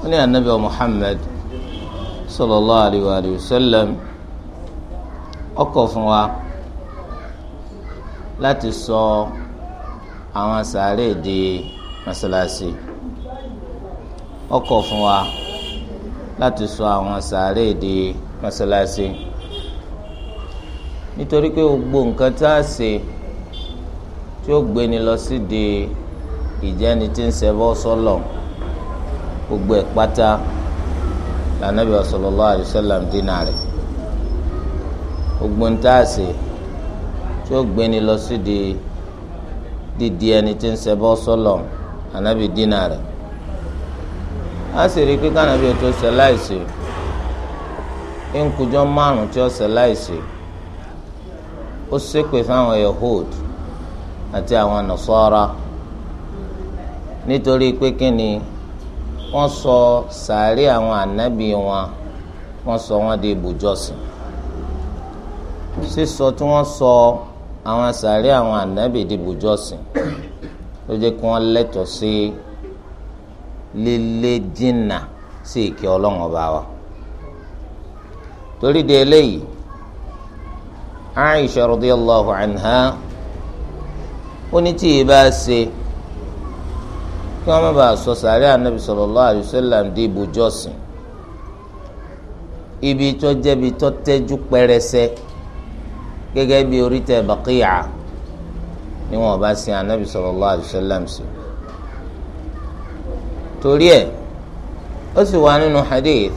wọ́n ní anabi muhammed sallallahu alayhi wa sallam ó kọ̀ fún wa láti sọ àwọn sàárè di mọ́sálásí ó kọ̀ fún wa láti sọ àwọn sàárè di mọ́sálásí nítorí pé gbogbo nǹkan tá a ṣe tí ó gbéni lọ sí di ìjẹni tí ń ṣẹbọ sọlọ. So gbogbo ẹ̀ pátá lànàbí sallallahu alaihi dínà gbogbo ń tá tí di dídi ẹni tí ń ṣẹbọ sọlọ ànábì dínà rẹ̀ a sì rí pé kànábì tó ṣe láìsí nkùjọ márùn tí ó ṣe ó ṣépè fáwọn Yahud àti àwọn Nasara nítorí pé wọ́n sọ sàárè àwọn ànábì wọn wọ́n sọ wọ́n di ibùjọsìn sísọ tí wọ́n sọ àwọn sàárè àwọn ànábì di ibùjọsìn ló jẹ́ kí wọ́n lẹ́tọ̀ọ́ sí lílé jìnnà sí ìkẹ́ ọlọ́run ọba wa torí de eléyìí Aisha radiyallahu anha ó ní tí ì bá ṣe kí wọ́n má bàa sọ sàárẹ̀ anabi sallallahu alaihi wasallam di ibùjọ́sìn ibi tó jẹ́bi tó tẹ́jú pẹrẹsẹ gẹ́gẹ́ bí oríta Baqi'a ni wọ́n bá sin anabi sallallahu alaihi wasallam sí torí ẹ̀ ó sì wà nínú hadith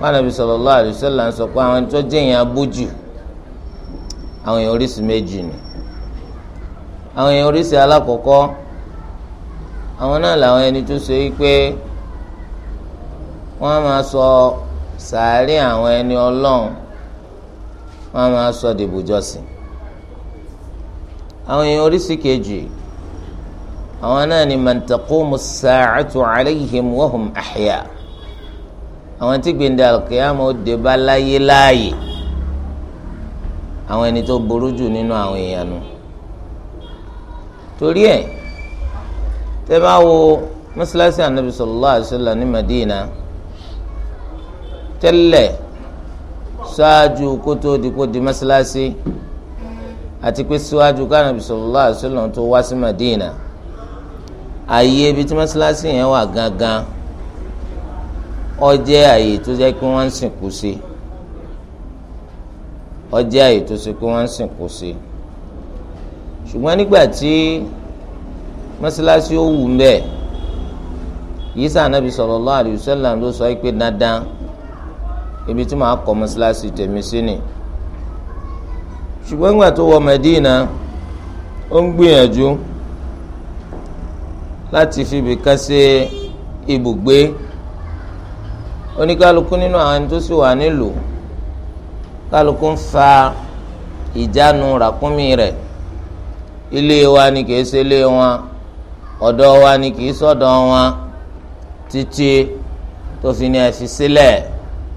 wàhálàbí sallallahu alaihi wasallam sọ pé àwọn tó jẹ́ yẹn abójú àwọn èèyàn oríṣi méjì ni àwọn èèyàn oríṣi alákọ̀ọ́kọ́ àwọn náà làwọn ẹni tó ṣe wípé wọ́n á máa sọ sàárè àwọn ẹni ọlọ́run wọ́n á máa sọ dìbòjọ́sìn àwọn èèyàn oríṣi kejì àwọn náà ni man taqumu sa'atu alayhim wa hum àwọn tí gbèǹdà kìámà ó bá láyé láàyè àwọn ẹni tó burú jù nínú àwọn èèyàn nu torí ẹ̀ tẹ́ bá wo mọ́sálásí anabi sallallahu alaihi wasallam ní Madina tẹ́lẹ̀ ṣáájú kótó dikó di mọ́sálásí àti pé síwájú kánabi sallallahu alaihi wasallam tó wá sí Madina ààyè ibi tí mọ́sálásí yẹn wà gangan ó jẹ́ ààyè tó jẹ́ pé wọ́n ń sìnkú sí ó jẹ́ tó ṣe pé wọ́n ń sìnkú sí ṣùgbọ́n nígbà tí mọ́sálásí ó wù mbẹ́ yìí sàn nàbì sallallahu alayhi wa sallam ló sọ pé dandan ibi tí màá kọ́ mọ́sálásí tèmi sí ni ṣùgbọ́n ìgbà tó wọ Mẹ́dínà ó ń gbìyànjú láti fi ibìkan ṣe ibùgbé oníkálukú nínú àwọn ẹni tó sì wà nílùú kálukú ń fa ìjánu ràkúnmí rẹ̀ ilé wa ni kìí ṣe ilé wọn ọ̀dọ̀ wa ni kì í sọ̀dọ̀ wọn títí tó fi ní ẹ̀fí sílẹ̀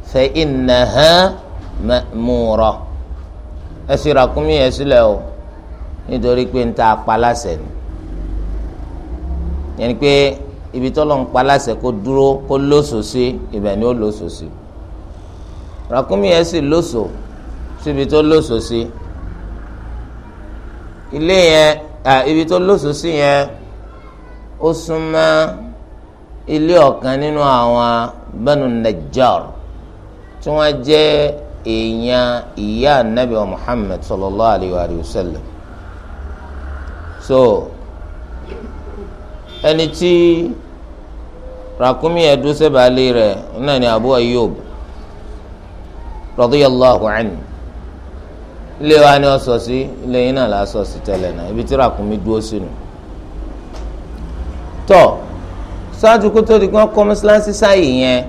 fa innaha ma'mura ẹ fi ràkúnmí yẹn sílẹ̀ o nítorí pé ń ta apalásẹ̀ ni yẹn ni pé ibi tọ́lọ̀ ń palásẹ̀ kó dúró kó lóṣooṣì ibẹ̀ ni ó lóṣooṣì ràkúnmí yẹn sì lóṣò síbi tó lóṣooṣì ilé yẹn ibi tó lóṣooṣì yẹn ó súnmọ́ ilé ọ̀kan nínú àwọn Banu Najjar tí wọ́n jẹ́ èèyàn ìyá anabi Muhammad sallallahu alayhi wa so ẹni tí rakumi ẹdun sẹbaali rẹ̀ náà ni Abu Ayyub radiyallahu anhu ilé wa ni ọ sọ sí ilé yín náà la sọ sí tẹ́lẹ̀ náà ibi tí rakumi dúró sínú tọ̀ ṣáájú kó tó di kí wọ́n kọ́ mọ́ṣáláṣí sáyè yẹn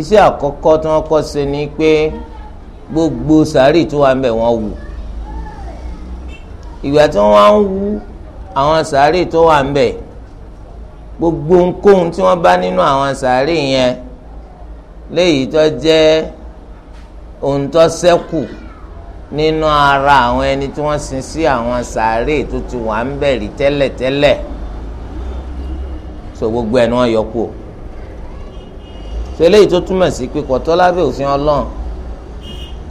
iṣẹ́ àkọ́kọ́ tí wọ́n kọ́ ṣe ni pé gbogbo sàárì tó wà ń bẹ̀ wọ́n wù ìgbà tí wọ́n ń wú àwọn sàárè tó wà ń bẹ̀ gbogbo ohunkóhun tí wọ́n bá nínú àwọn sàárè yẹn léyìí tó jẹ́ ohun tó ṣẹ́kù nínú ara àwọn ẹni tí wọ́n sin sí àwọn sàárè tó ti wà ń rí tẹ́lẹ̀tẹ́lẹ̀. Tẹ́lẹ̀ so gbogbo ẹ̀ ni wọ́n yọ kú o so eléyìí tó túmọ̀ sí pé kọ̀tọ́ lábẹ́ òfin ọlọ́run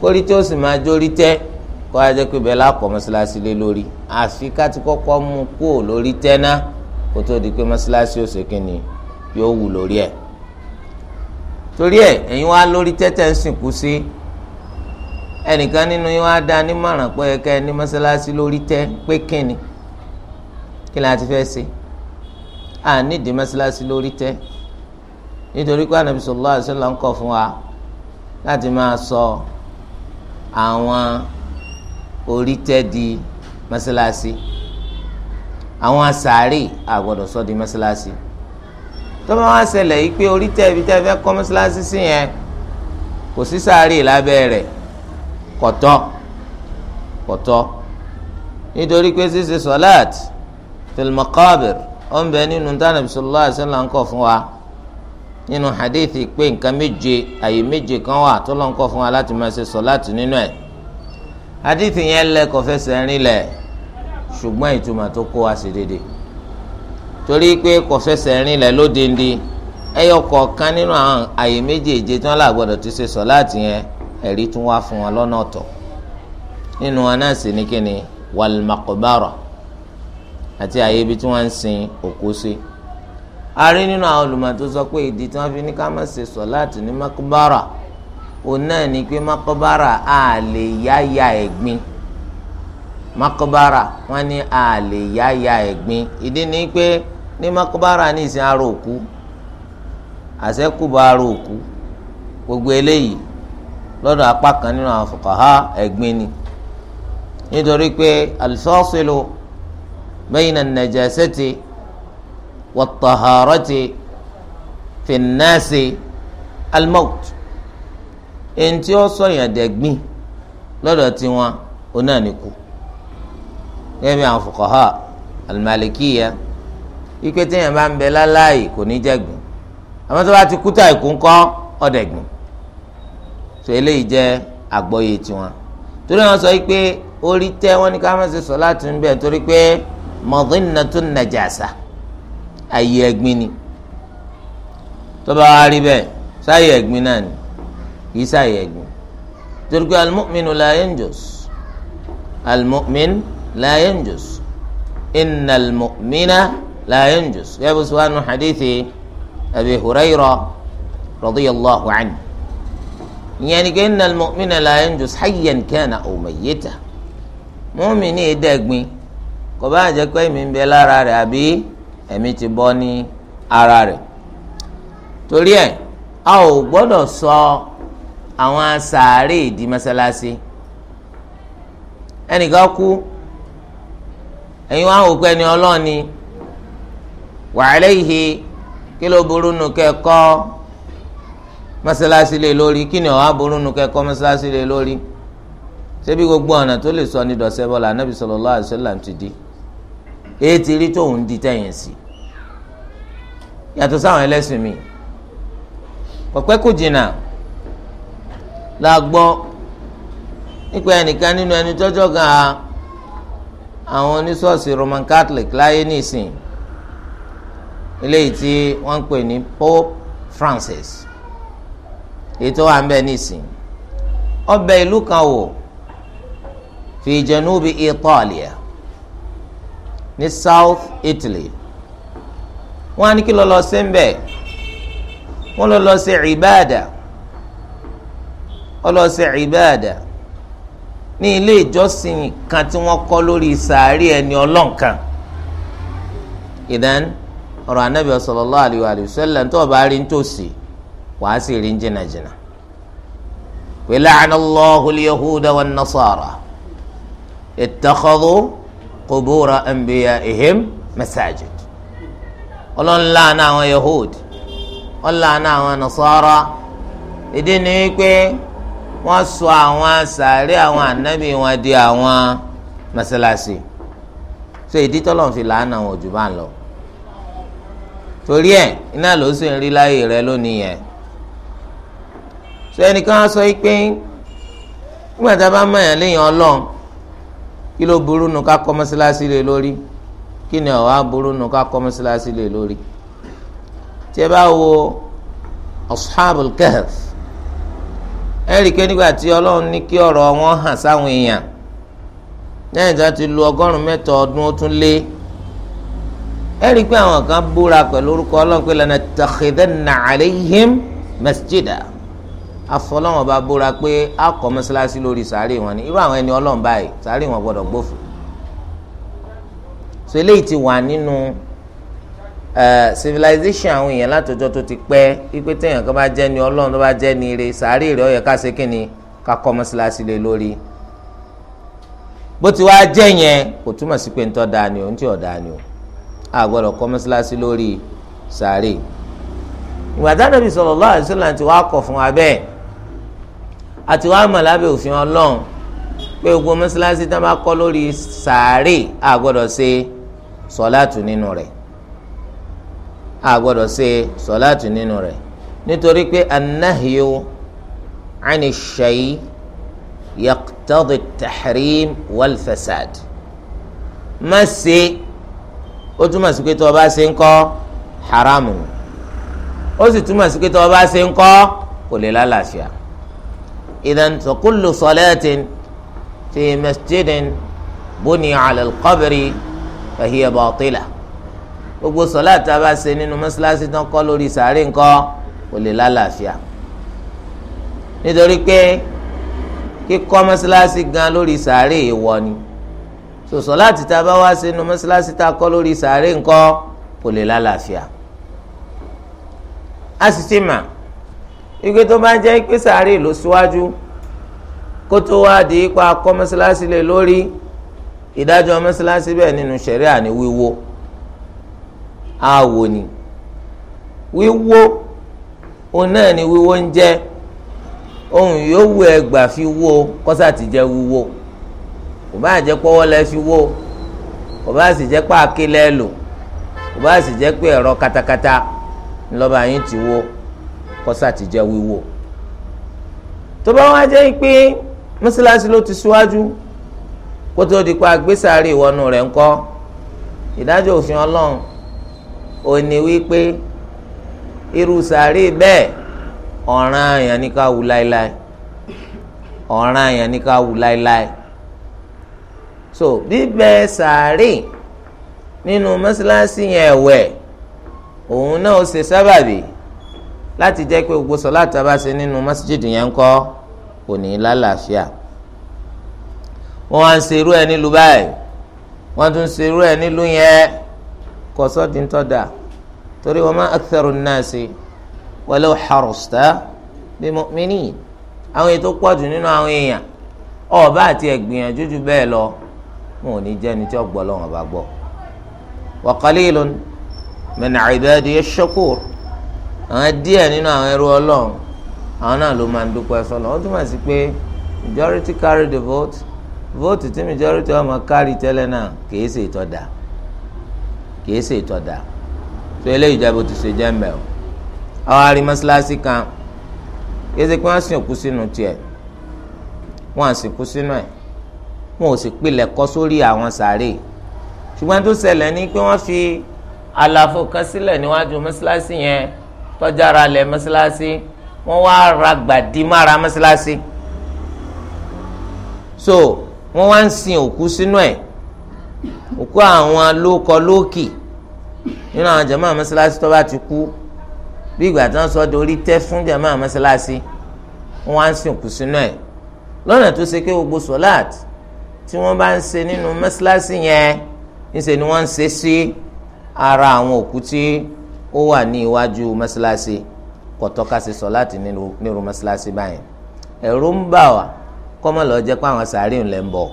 kórí tí ó sì máa jórí tẹ́ kó a jẹ́ pé bẹ́ẹ̀ lákọ̀ mọ́ṣáláṣí lé lórí àfi ká ti kọ́kọ́ mú kú ò lórí tẹ́ náà kó tó di pé mọ́ṣáláṣí ò ṣèké ni yóò wù lórí ẹ̀ torí ẹ̀ ẹ̀yin wá lórí tẹ́tẹ́ ń sìnkú sí ẹnìkan nínú yín wá dá nímọ̀ràn pé ẹ̀ka ẹni mọ́ṣáláṣí lórí tẹ́ pé kíni kí ni a ti fẹ́ ṣe ànídìí mọ́sálásí lórí tẹ́ nítorí pé anabi sallallahu alaihi wasallam ń kọ̀ fún wa láti máa sọ àwọn orí tẹ́ di mọ́sálásí àwọn asàárè àgbọ̀dọ̀ sọ di mọ́sálásí tó bá wá ṣẹlẹ̀ yìí pé orí tẹ́ ibi tẹ́ fẹ́ kọ́ mọ́sálásí sí yẹn kò sí sàárè lábẹ́ rẹ̀ kọ̀tọ́ kọ̀tọ́ nítorí pé ṣíṣe sọ́láàtì fil maqabir ó ń bẹ nínú tánà bisalòlá àṣẹlá ń kọ fún wa nínú hadithi pé nǹkan méje àyè méje kan wà tó lọ́n kọ fún wa láti máa ṣe sọ̀láàtì nínú ẹ̀ hadithi yẹn lẹ kò fẹsẹ̀ rinlẹ̀ ṣùgbọ́n ìtumọ̀ tó kó wa sí dédé torí pé kò fẹsẹ̀ rinlẹ̀ lódindi ẹyọ kọ̀ọ̀kan nínú àwọn àyè méjèèje tí wọ́n là gbọ́dọ̀ ti ṣe sọ̀láàtì yẹn ẹ̀rí tún wá fún wọn lọ́nà ọ̀tọ̀ nínú wọn náà sì ní kíni wàlmàkùbárọ̀ àti àyè ibi tí wọ́n ń sin òkú sí. a rí nínú àwọn olùmọ̀ tó sọ pé ìdí tí wọ́n fi ní ká má ṣe sọ̀láàtì ní makobara òun náà ni pé makobara a lè yáya ẹ̀gbin makobara wọ́n ní a lè yáya ẹ̀gbin ìdí ni pé ní makobara ní ìsìn ara òkú àṣẹ́kùbọ̀ ara òkú gbogbo eléyìí lọ́dọ̀ apá kan nínú àwọn fuqaha ẹ̀gbin ni nítorí pé al bayna najasati wataharati finnasi almout ẹni tí ó sọyàn dẹ̀gbin lọ́dọ̀ tiwọn onáà ní kú gẹ́gẹ́ bí àwọn fuqaha alimalikiya ikpe téèyàn bá ń bẹ láláàyè kò ní jẹ̀gbin àmọ́ tó bá ti kú tá ìkú ńkọ́ ọ̀dẹ̀gbin tó eléyìí jẹ́ àgbọ́yé tiwọn torí wọn sọ pé orí tẹ́ wọn ní ká má ṣe sọ láti ń bẹ̀ torí pé madhinnatun najasa ayé ẹ̀gbin ni tó bá wá rí bẹ́ẹ̀ sáyé ẹ̀gbin náà ni kìí sáyé ẹ̀gbin torí pé al-mu'minu la yanjus al-mu'min la yanjus innal mu'mina la yanjus yẹ́n bó sọ wá nù hadithi abi hurayra radiyallahu anhu ìyẹn ni pé innal mu'mina la yanjus hayyan kana aw mayyita mu'mini ẹ̀dẹ́gbin kò bá jẹ́ pé ẹ̀mí ń bẹ lára rẹ̀ àbí ẹ̀mí ti bọ́ ní ara rẹ̀ torí ẹ̀ a ò gbọ́dọ̀ sọ àwọn sàárè di mọ́sálásí ẹnìkan kú ẹ̀yin wá òkú ẹni ọlọ́ọ̀ni wa alayhi kí ló burú nù kẹ́kọ́ mọ́sálásí lé lórí kí ni ọ̀há burú nù kẹ́kọ́ mọ́sálásí lé lórí ṣebí gbogbo ọ̀nà tó lè sọ ní dọ̀sẹ́ bọ́lá anábì sallallahu alaihi èyí ti rí tóun di tẹ̀yìn sí yàtọ̀ sáwọn ẹlẹ́sìn mi pọ̀pẹ́ kò jìnnà la gbọ́ nípa ẹnìkan nínú ẹni tọ́jọ́ gan àwọn oníṣọ́ọ̀sì Roman Catholic láyé nìsín eléyìí tí wọ́n ń pè ní Pope Francis èyí tó wà ń bẹ nìsín ọbẹ̀ ìlú kan wò fi jẹ̀núbi Italia ní South Italy wọ́n á ní kí lọ lọ sí mbẹ wọ́n lọ lọ sí ìbáàdà wọ́n lọ sí ìbáàdà ní ilé ìjọsìn kan tí wọ́n kọ́ lórí sàárì ẹni ọlọ́nkan ìdán ọ̀rọ̀ anábì sallallahu alaihi wa sallam tó o bá rí nítòsí wàá sì rí jìnnàjìnnà pé la'anallahu al-yahuda wan-nasara ittakhadhu. qubura anbiyaihim masajid ọlọ́run láàánú àwọn yahood wọ́n láàánú àwọn nasara ìdí ni pé wọn sọ àwọn sàárẹ̀ àwọn wọn di àwọn masalasi so ìdí tọ́lọ̀ fi làánà wọn jù bá lọ torí ẹ iná ló sì ń rí so ẹnìkan sọ pé nígbà tá bá kí ló burú nu ká kọ́ mọ́sálásí lé lórí kí ni ọ̀wá burú nu ká kọ́ mọ́sálásí lé lórí. tí ẹ bá wo ashabul kahf ẹ rí i pé nígbà tí ọlọ́run ní kí ọ̀rọ̀ wọn hàn sáwọn èèyàn lẹ́yìn tí ti lu ọgọ́rùn-ún ọdún ó tún lé ẹ àwọn kan búra pẹ̀lú orúkọ ọlọ́run pé lanattakhidhanna alayhim masjida afọlọ́wọ́n bá búra pé a kọ́ mọ́sálásí lórí sàárè wọn ni irú àwọn ẹni ọlọ́run báyìí sàárè wọn gbọ́dọ̀ gbófò so eléyìí ti wà nínú civilization àwọn èèyàn látọjọ́ tó ti pẹ́ wípé téèyàn kan bá jẹ́ ni ọlọ́run tó bá jẹ́ ni ire sàárè rẹ̀ ó yẹ ká ṣe kínni ká kọ́ mọ́sálásí lé lórí bó ti wá jẹ́ yẹn kò túmọ̀ sí pé ń tọ́ da o ń tí ò da o a gbọ́dọ̀ kọ́ mọ́sálásí lórí sàárè ìgbà tí Ànábì sallallahu alaihi wasallam ti wá kọ̀ fún wa bẹ́ẹ̀ àti wàá mọ̀ lábẹ́ òfin ọlọ́run pé gbogbo mọ́sálásí tá a bá kọ́ lórí sàárè a gbọ́dọ̀ ṣe sọ́láàtù nínú rẹ̀ a gbọ́dọ̀ ṣe sọ́láàtù nínú rẹ̀ nítorí pé anahyo ani shayi yaqtadi tahrim wal fasad má ṣe ó túmọ̀ sí pé tó o bá ṣe ń kọ́ haramu ó sì túmọ̀ sí pé tó o bá ṣe ń kọ́ kò lè lálàáfíà. إذا فكل صلاة في مسجد بني على القبر فهي باطلة gbogbo sọlá tá a bá ṣe nínú mọ́ṣáláṣí tán kọ́ lórí sàárè nǹkan kò lè lálàáfíà nítorí pé kíkọ́ mọ́ṣáláṣí gan lórí sàárè èèwọ̀ ni sọ̀sọ̀lá tí tá a bá wá ṣe nínú mọ́ṣáláṣí tá a kọ́ lórí sàárè nǹkan kò lè lálàáfíà ike tó bá jẹ́ pé sàárè ló síwájú kó tó wá di ipa kọ́ mọ́sálásí lé lórí ìdájọ́ mọ́sálásí bẹ́ẹ̀ nínú ṣẹ̀ríà ní wíwó àwò ni wíwó òun náà ni wíwó ń jẹ́ ohun yòówù ẹgbà fi wó kọ́sà ti jẹ́ wíwó kò bá jẹ́ pọ́wọ́ lẹ fi wó kò bá sì jẹ́ pàákí lò kò bá sì jẹ́ pé ẹ̀rọ katakata ńlọba yín ti wó kọ́sà ti jẹ́ wíwò tó bá wá jẹ́ pé mọ́sálásí ló ti síwájú kó tó di pa gbésàárì ìwọ́nù rẹ̀ ńkọ́ ìdájọ́ òfin ọlọ́run ò ní wípé irú sàárì bẹ́ẹ̀ ọ̀ràn àyàn ní ká wù láéláé ọ̀ràn àyàn ní ká wù láéláé so bíbẹ̀ sàárì nínú mọ́sálásí yẹn ẹ̀wẹ̀ òun náà ó ṣe sábàbí láti jẹ́ pé gbogbo sọlá àtàbà ṣe nínú masjid yẹn kọ́ kò ní lálàáfíà wọ́n wá ń ṣe irú ẹ̀ nílùú báyìí wọ́n tún ṣe irú ẹ̀ nílùú yẹn kò sọ́ọ̀dì ń tọ́da torí wa ma aktharu nnasi walau harasta bi mu'minin àwọn ètò pọ̀jù nínú àwọn èèyàn ọba àti ẹ̀gbìyànjú ju bẹ́ẹ̀ lọ wọn ò ní jẹ́ ẹni tí ó gbọ́ bá gbọ́ wa qalilun min ibadiya ash-shakur àwọn díẹ̀ nínú àwọn ẹrú ọlọ́run àwọn náà ló máa ń dúpẹ́ sọ́lọ́ ó túmọ̀ sí pé majority carry the vote vote tí majority ọmọ carry tẹ́lẹ̀ náà kìí ṣe ìtọ́dà kìí ṣe ìtọ́dà tó eléyìí jẹ́ bó ti ṣe jẹ́ mbẹ́ o àwọn arí mọ́ṣáláṣí kan kìí ṣe pé wọ́n sìn òkú sínú tiẹ̀ wọ́n á sìnkú sínú ẹ̀ wọn ò sì pilẹ̀ kọ́ sórí àwọn sàárè ṣùgbọ́n tó ṣẹlẹ̀ ni pé wọ́n fi àlàfo kan sílẹ̀ níwájú mọ́ṣáláṣí yẹn tọ́jà ara lẹ̀ mọ́sálásí wọ́n wá ra gbàdí mára mọ́sálásí so wọ́n wá ń sin òkú sínú ẹ̀ òkú àwọn lóko lókì nínú àwọn jàmáà mọ́sálásí tó bá ti kú bí ìgbà tí wọ́n sọ dorí tẹ́ fún jàmáà mọ́sálásí wọ́n wá ń sin òkú sínú ẹ̀ lọ́nà tó ṣe pé gbogbo sọ́láàt tí wọ́n bá ń ṣe nínú mọ́sálásí yẹn se ni wọ́n ń ṣe sí ara àwọn òkú tí ó wà ní iwájú mọ́sálásí kò tọ́ ká ṣe sọ̀láàtì nírú mọ́sálásí báyìí ẹ̀rù ń bà wá kọ́mọ́ lọ jẹ́ pé àwọn sàárè ńlẹ̀ ń bọ̀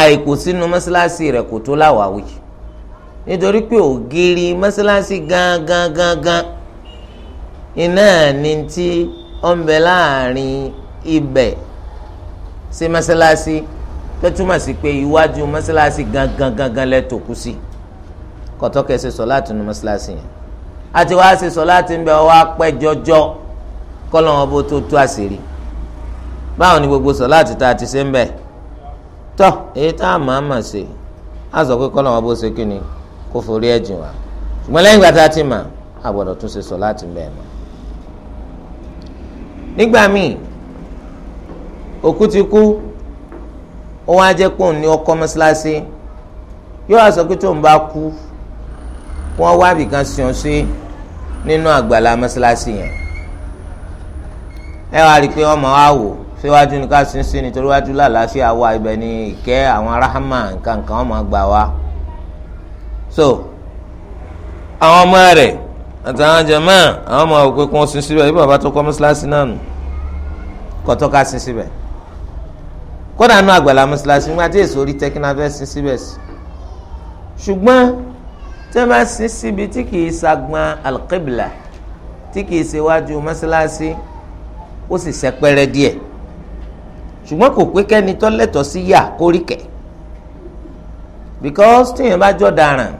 àìkú sínú mọ́sálásí rẹ̀ kò tó láwàwí nítorí pé ògiri mọ́sálásí gangan gangan iná ni ti ó ń bẹ láàrin ibẹ̀ sí mọ́sálásí tó túmọ̀ sí pé iwájú mọ́sálásí gangan lẹ́tọ̀ọ́kú sí. Si kọtọ kẹsẹ sọláàtì nu mọ́sálásí yẹn àti wàá ṣe sọláàtì ń bẹ ọwọ́ apẹ́ jọjọ kọ́lọ́ wọn bó tó tú àṣírí báwo ni gbogbo sọláàtì tá a ti ṣe ń bẹ tọ́ èyí tá a máa mà ṣe á sọ pé kọ́lọ́ wọn bó ṣe kí ni kó forí ẹ̀ jìn wá ṣùgbọ́n lẹ́yìn ìgbà tá a ti mà á gbọ́dọ̀ tún ṣe sọláàtì ń bẹ mọ́ nígbà míì òkú ti kú ó wá jẹ́ pé òun ni ọkọ mọ́sálásí yóò wá sọ pé tóun bá kú wọ́n wá bìkan sùn sí nínú àgbàlá mọ́sálásí yẹn ẹ wá rí i pé wọ́n mọ̀ á wò síwájú ní ká sin sí nítorí wájú lálàáfíà wà ibẹ̀ ní ìkẹ́ àwọn aráhámà nǹkankan wọ́n mọ̀ gbà wá so àwọn ọmọ rẹ̀ àtàwọn jẹ̀mọ́ àwọn ọmọ òkú kún sin síbẹ̀ bí bàbá tó kọ́ mọ́sálásí náà nù kọ́tọ́ ká sin síbẹ̀ kódà nù àgbàlá mọ́sálásí nígbà tí èso rí tẹ́kínà fẹ́ sin síbẹ̀ sí ṣùgbọ́n tí wọ́n bá sin síbi tí kì í sagbọn alqibla tí kì í ṣe wájú mọ́sálásí ó sì sẹ́pẹ́rẹ́ díẹ̀ ṣùgbọ́n kò pé kẹ́ni tó lẹ́tọ̀ọ́ sí yà kórìkẹ́ because tíyẹn bá jọ daràn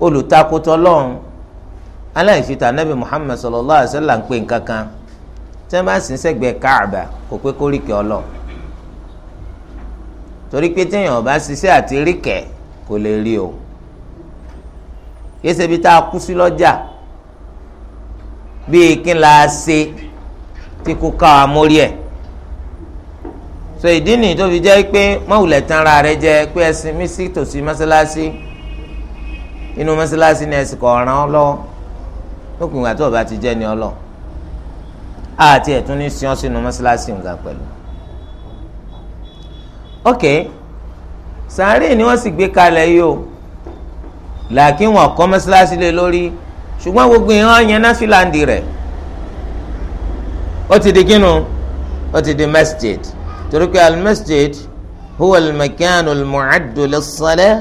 olùtakùtọ̀ lọ́hùn aláìsíta anabi muhammed sallallahu alaihi wa sallam ń pè nkankan tí wọ́n bá sin sẹ́gbẹ̀ẹ́ káàbà kò pé kórìkẹ́ ọlọ́hùn torí pé téèyàn bá ṣiṣẹ́ àti ríkẹ́ kò lè rí o kìí ṣe ibi tá a kú sí la ṣe tí kò ká wa mórí so ìdí nìyí tó fi jẹ́ pé mọ́wùlẹ̀ tán ra rẹ jẹ́ pé ẹ̀sìn mi sí tòsí mọ́sálásí inú mọ́sálásí ni ẹ̀sìn kọ̀ ràn ọ́ lọ́wọ́ lókùn ìgbà tó o bá ti jẹ́ ni ọlọ́ àti ẹ̀tún ní sìn ọ́ sínú mọ́sálásí nǹkan pẹ̀lú. ok sàárè ni wọ́n sì gbé kalẹ̀ yìí o làákí wọn kọ́ mọ́sálásí lé lórí ṣùgbọ́n gbogbo ìran yẹn náfìlàndì rẹ̀ ó ti di kínu ó ti di masjid torí pé al-masjid huwa al-makanu al-mu'addu lis-salah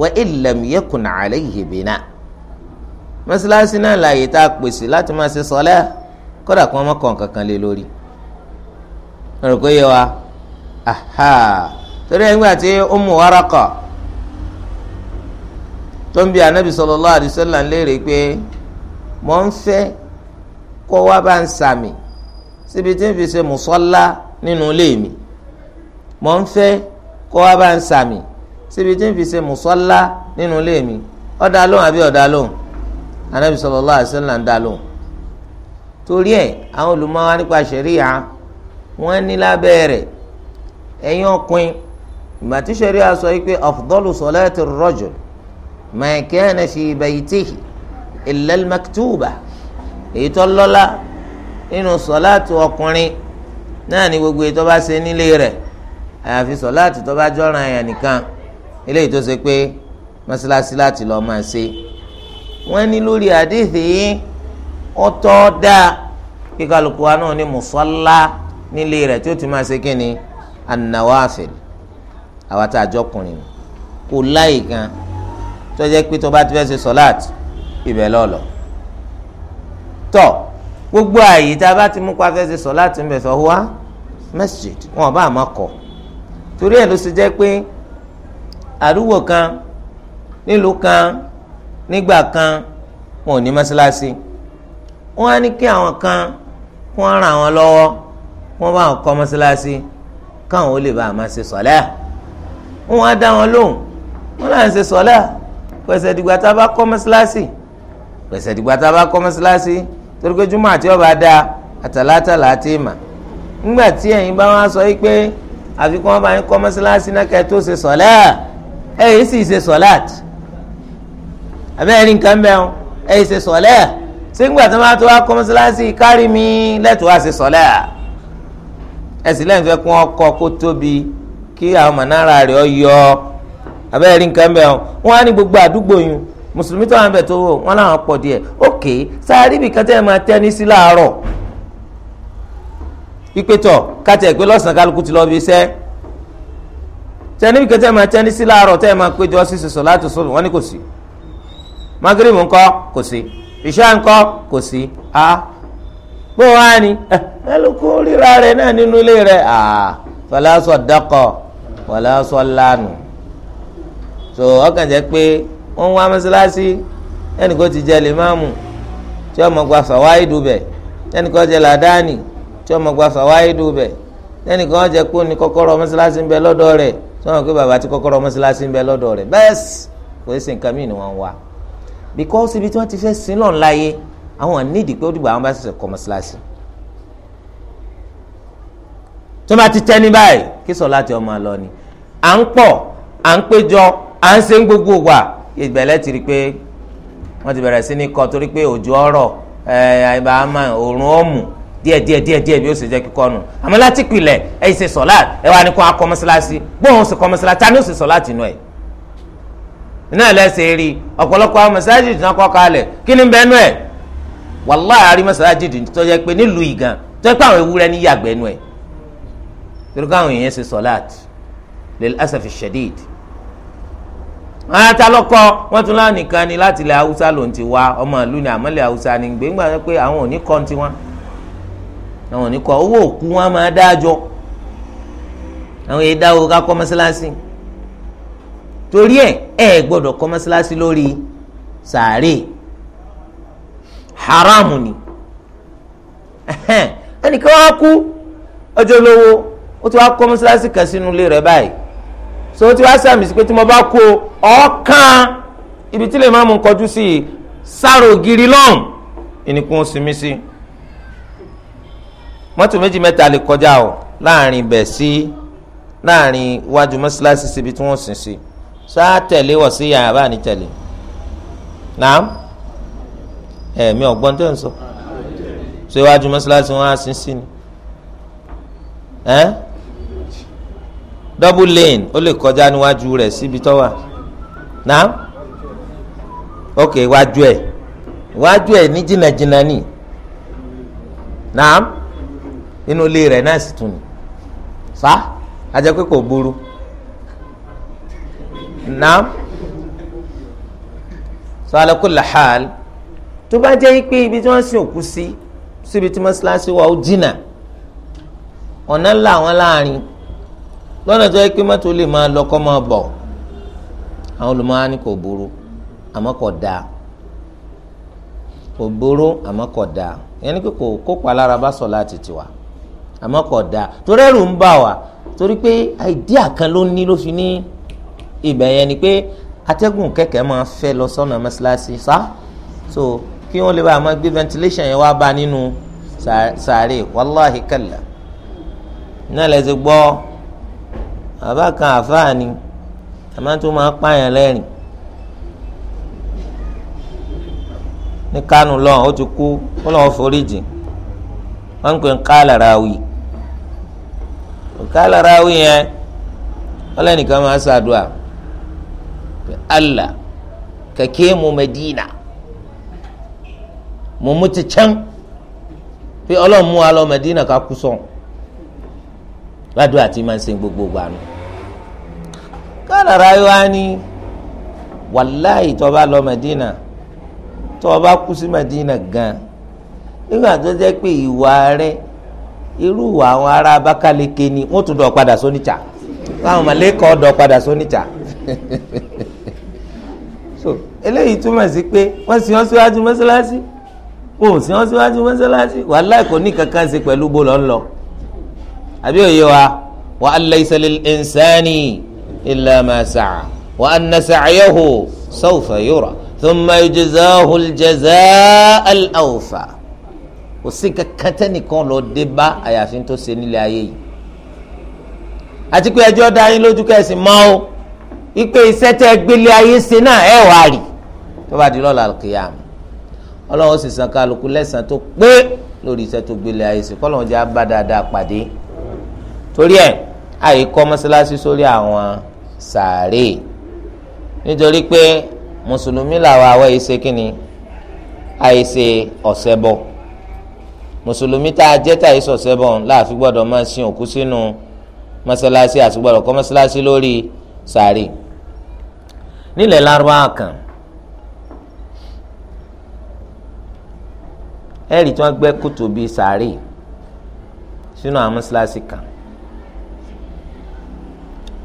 wa illam yakun alayhi bina mọ́sálásí náà láàyè tá a pèsè láti máa ṣe sọlẹ́ kódà kí wọ́n má kankan lé lórí rẹ̀ kó yé wa aha torí ẹgbẹ́ àti Ummu Waraka tó ń bi anabi sallallahu alaihi wasallam léèrè pé mò ń fẹ́ kó wá bá ń sàmì síbi tí ń fi ṣe mùsọ́lá nínú ilé mi mò ń fẹ́ kó wá bá ń sàmì síbi tí ń fi ṣe mùsọ́lá nínú ilé mi ó lóhùn àbí ó lóhùn anabi sallallahu alaihi wasallam dá lóhùn torí ẹ̀ àwọn olùmọ̀wá nípa ṣẹ̀ríyà wọ́n ní lábẹ́ rẹ̀ ẹ̀yin ọkùnrin ìgbà tí ṣẹ̀ríyà sọ yìí pé afdalu salati rajul ma kana fi baytihi illa al-maktuba èyí tó lọ́lá nínú sọ̀láàtì ọkùnrin náà ni gbogbo èyí tó bá ṣe nílé rẹ̀ àyàfi sọ̀láàtì tó bá jọ́ràn àyàn nìkan ilé yìí tó ṣe pé mọ́ṣáláṣí láti lọ́ọ́ máa ṣe. wọ́n ní lórí àdéhìí yìí ó tọ́ dáa kí kálukú wa náà ní mùsọ́lá nílé rẹ̀ tí ó ti máa ṣe kí ni an-nawafil àwa tá a kò láì gan-an tó jẹ́ pé tó bá ti fẹ́ ṣe sọ́láàt ibẹ̀ lọ́lọ́ tọ́ gbogbo àyè tá a bá ti mú pa fẹ́ ṣe sọ́láàt ń bẹ̀ fẹ́ wá masjid wọn bá àmọ́ kọ̀ torí ẹ̀ ló ṣe jẹ́ pé àdúgbò kan nílùú kan nígbà kan wọn ò ní mọ́ṣáláṣí wọn á ní kí àwọn kan wọn ràn wọn lọ́wọ́ wọn bá wọn kọ́ mọ́ṣáláṣí káwọn ó lè bá a máa ṣe sọ́lá wọn á dá wọn lóhùn wọn náà ń ṣe sọ́lá pẹ̀sẹ̀ dìgbà tá a bá kọ́ mọ́sálásì pẹ̀sẹ̀ dìgbà tá a bá kọ́ mọ́sálásì torí pé júmọ̀ àti ọba dáa àtàlátà láti mà ńgbà tí ẹ̀yin bá wá sọ yìí pé àfi kí wọ́n bá yín kọ́ mọ́sálásì náà kẹ́ tó ṣe sọ̀lá ẹ̀ yìí sì ṣe sọ̀láàt àbẹ́ẹ̀rí nǹkan bẹ́ẹ̀ o ẹ̀ yìí ṣe sọ̀lá sígbà tí wọ́n bá tó wá kọ́ mọ́sálásì kárí mi lẹ́tọ̀ọ́ àṣẹ sọ̀lá ẹ̀ abẹ́rẹ́ rí nǹkan bẹ́ẹ̀ wọ́n á ní gbogbo àdúgbò yun mùsùlùmí tó wà níbẹ̀ tó wọ́n láwọn pọ̀ díẹ̀ ok sáárì bìkan tẹ́ ẹ máa tẹ́ ní sí láàárọ̀ ìpètọ̀ kátẹ́ pé lọ́sàn-án kálukú ti lọ́ọ́ bí iṣẹ́ tẹ́ni bìkan tẹ́ ẹ máa tẹ́ ní sí láàárọ̀ tẹ́ ẹ máa péjọ sísè sọ láti sọ wọ́n ní kò sí magrebu ńkọ́ kò sí ìṣá ńkọ́ kò sí a bó wá ni ẹ ló ríra rẹ náà nínú ilé rẹ àà fala sadaqa wala sallanu so ọkàn jẹ́ pé wọ́n ń wá mọ́sálásí ẹnì kó ti jẹ́ lèmáàmù tí ọmọ gba fàwáìdù bẹ̀ ẹnì kó jẹ́ làdáàni tí ọmọ gba fàwáìdù bẹ̀ ẹnì kó jẹ́ pé ní kọ́kọ́rọ́ mọ́sálásí ń bẹ lọ́dọ̀ rẹ̀ tí wọ́n mọ̀ pé bàbá tí kọ́kọ́rọ́ mọ́sálásí ń bẹ lọ́dọ̀ rẹ̀ bẹ́ẹ̀ kò sí nǹkan mìíràn ni wọ́n ń wá because ibi tí wọ́n ti fẹ́ sin lọ́n láyé àwọn nídìí pé ó dìgbà àwọn bá ṣẹ̀ṣẹ̀ kọ́ mọ́sálásí tó bá ti tẹ́ ní báyìí kí sọ láti ọmọ àlọ́ ni à ń pọ̀ à ń péjọ à ń ṣe ń gbogbo wa ìgbẹ́lẹ́ ti rí pé wọ́n ti bẹ̀rẹ̀ sí ní kọ́ torí pé òjò ọ̀rọ̀ àìbá àmà òórùn ọ̀mù díẹ̀ díẹ̀ díẹ̀ díẹ̀ bí ó ṣe jẹ́ kíkọ́ nù àmọ́ láti pilẹ̀ ẹ̀ ṣe sọ̀lá ẹ̀ wà ní kó akọ́ mọ́sálásí gbóhùn ṣe kọ́ mọ́sálásí ta ni ó ṣe sọ̀lá tì nù ẹ̀ náà lẹ́sẹ̀ rí ọ̀pọ̀lọpọ̀ àwọn mọ́sálásí tó ń kọ́ kalẹ̀ kí ni bẹ́ẹ̀ nù ẹ̀ wàláhì àrí mọ́sálásí tó jẹ́ pé nílùú ìgàn tó jẹ́ pé àwọn ewúrẹ́ ní yàgbẹ́ nù ẹ̀ wọn ata lọkọ wọn tún láwọn nìkan ni láti ilẹ̀ haúsá lòun ti wá ọmọ ìlú ni àmọ́lẹ̀ haúsá ni gbẹ̀ngbà pé àwọn ò ní kọ́ ti wọn àwọn ò ní kọ́ owó òkú wọn máa dájọ́ àwọn èyí dáwọ́ ká kọ́ mọ́sálásí torí ẹ ẹ gbọ́dọ̀ kọ́ mọ́sálásí lórí sàárè haramu ni ẹnìkan wá kú ọjọ́ lówó ó ti wá kọ́ mọ́sálásí kan sínú ilé rẹ̀ báyìí so tí wàá sàmì sí pé tí mo bá kú ọ̀ọ́kàn ibi tí lè má mú kọjú sí i sáró ògiri lọ́hùn ìníkun sinmi sí mọ́tò méjì mẹ́ta lè kọjá o láàrin ibẹ̀ sí láàrin iwájú mọ́ṣáláṣí síbi tí wọ́n sìn sí sáà tẹ̀lé wọ̀ sí yàrá bá tẹ̀lé naam ẹ̀mí ọ̀gbọ́n tó ń sọ ṣé iwájú mọ́ṣáláṣí wọn á sin sí ni double lane ó lè kọjá níwájú rẹ̀ síbi tó wà náà ok wájú ẹ̀ wájú ẹ̀ ní jìnnàjìnnà ni náà inú ilé rẹ̀ náà sì tún ni fa ajẹ́ pé kò burú náà sọ ala kulli hal tó bá jẹ́ pé ibi tí wọ́n sin òkú sí síbi tí mọ́ṣáláṣí wà ó jìnnà ọ̀nà ńlá àwọn láàrin lọ́nà tó yẹ pé mọ́tò lè máa lọ kọ́ máa bọ̀ àwọn olùmọ̀ọ́ ni kò burú àmọ́ kò dáa kò burú àmọ́ kò dáa yẹn ni pé kò kópa lára bá sọ láti tiwa àmọ́ kò dáa torí ẹ̀rù ń bà wá torí pé àìdíà kan ló ní ló fi ní ibẹ̀ yẹn ni pé atẹ́gùn kẹ̀kẹ́ máa fẹ́ lọ sọ́nà mọ́ṣáláṣí sá so kí wọ́n lè bá a gbé ventilation yẹn wá bá nínú sàárè wàláhì kàlà náà lẹ́sìn gbọ́ bàbá kan àfáà ni àmọ́ tó máa pààyàn lẹ́rìn ní kánú lọ́n ó ti kú ó lọ́n foríjì wọ́n ń pè ń kálà ráwì kálà ráwì yẹn wọ́n lẹ́nìkan máa ṣàdúrà Allah kàkẹ́ mu Medina mo mú ti tán pé ọlọ́run mú wa lọ Medina ká kú sọ ládùúgbò àti máa ń ṣe gbogbo gbàánu kádàrá wa ni wàláì tó bá lọ Mẹdínà tó bá kú sí Mẹdínà gan nígbà tó jẹ́ pé ìwà rẹ irú àwọn ará Abakaliki ni wọ́n tún dọ̀ padà sóníjà káwọn mọ̀lẹ́kọ̀ọ́ dọ̀ padà sóníjà so eléyìí túmọ̀ sí pé wọ́n sì wọ́n síwájú mọ́sálásí wọn sì wọ́n síwájú mọ́sálásí wàláì kò ní kankan ṣe pẹ̀lú bó àbí òye wa wa alaysa lil illa ma sa'a wa anna sa'yahu sawfa yura thumma yujzahu al-jazaa al-awfa kò sí kankan tẹ́nìkan lọ dé bá àyàfi tó ṣe nílé ayé yìí àti pé ẹjọ́ dá yín lójú kẹsì mọ́ o ipe iṣẹ́ tẹ́ gbélé ayé ṣe náà ẹ̀ wá rì tó bá di lọ́la al-qiyam ọlọ́run sì san kálukú lẹ́sàn tó pé lórí iṣẹ́ tó gbélé ayé ṣe kọ́lọ́run jẹ́ abá dáadáa pàdé torí ẹ̀ àyíkọ́ mọ́ṣáláṣí sórí àwọn sàárè nítorí pé mùsùlùmí làwọn àwọn ìṣe kínni àìṣe ọ̀sẹ̀bọ mùsùlùmí tá a jẹ́ tá a ìṣe ọ̀sẹ̀bọ láàfin gbọ́dọ̀ máa sin òkú sínú mọ́sálásí àti gbọ́dọ̀ kọ́ mọ́sálásí lórí sàárè nílẹ̀ lárúbáwá kan ẹ̀rì tí wọ́n gbẹ́ kòtò bíi sàárè sínú àwọn mọ́sálásí kan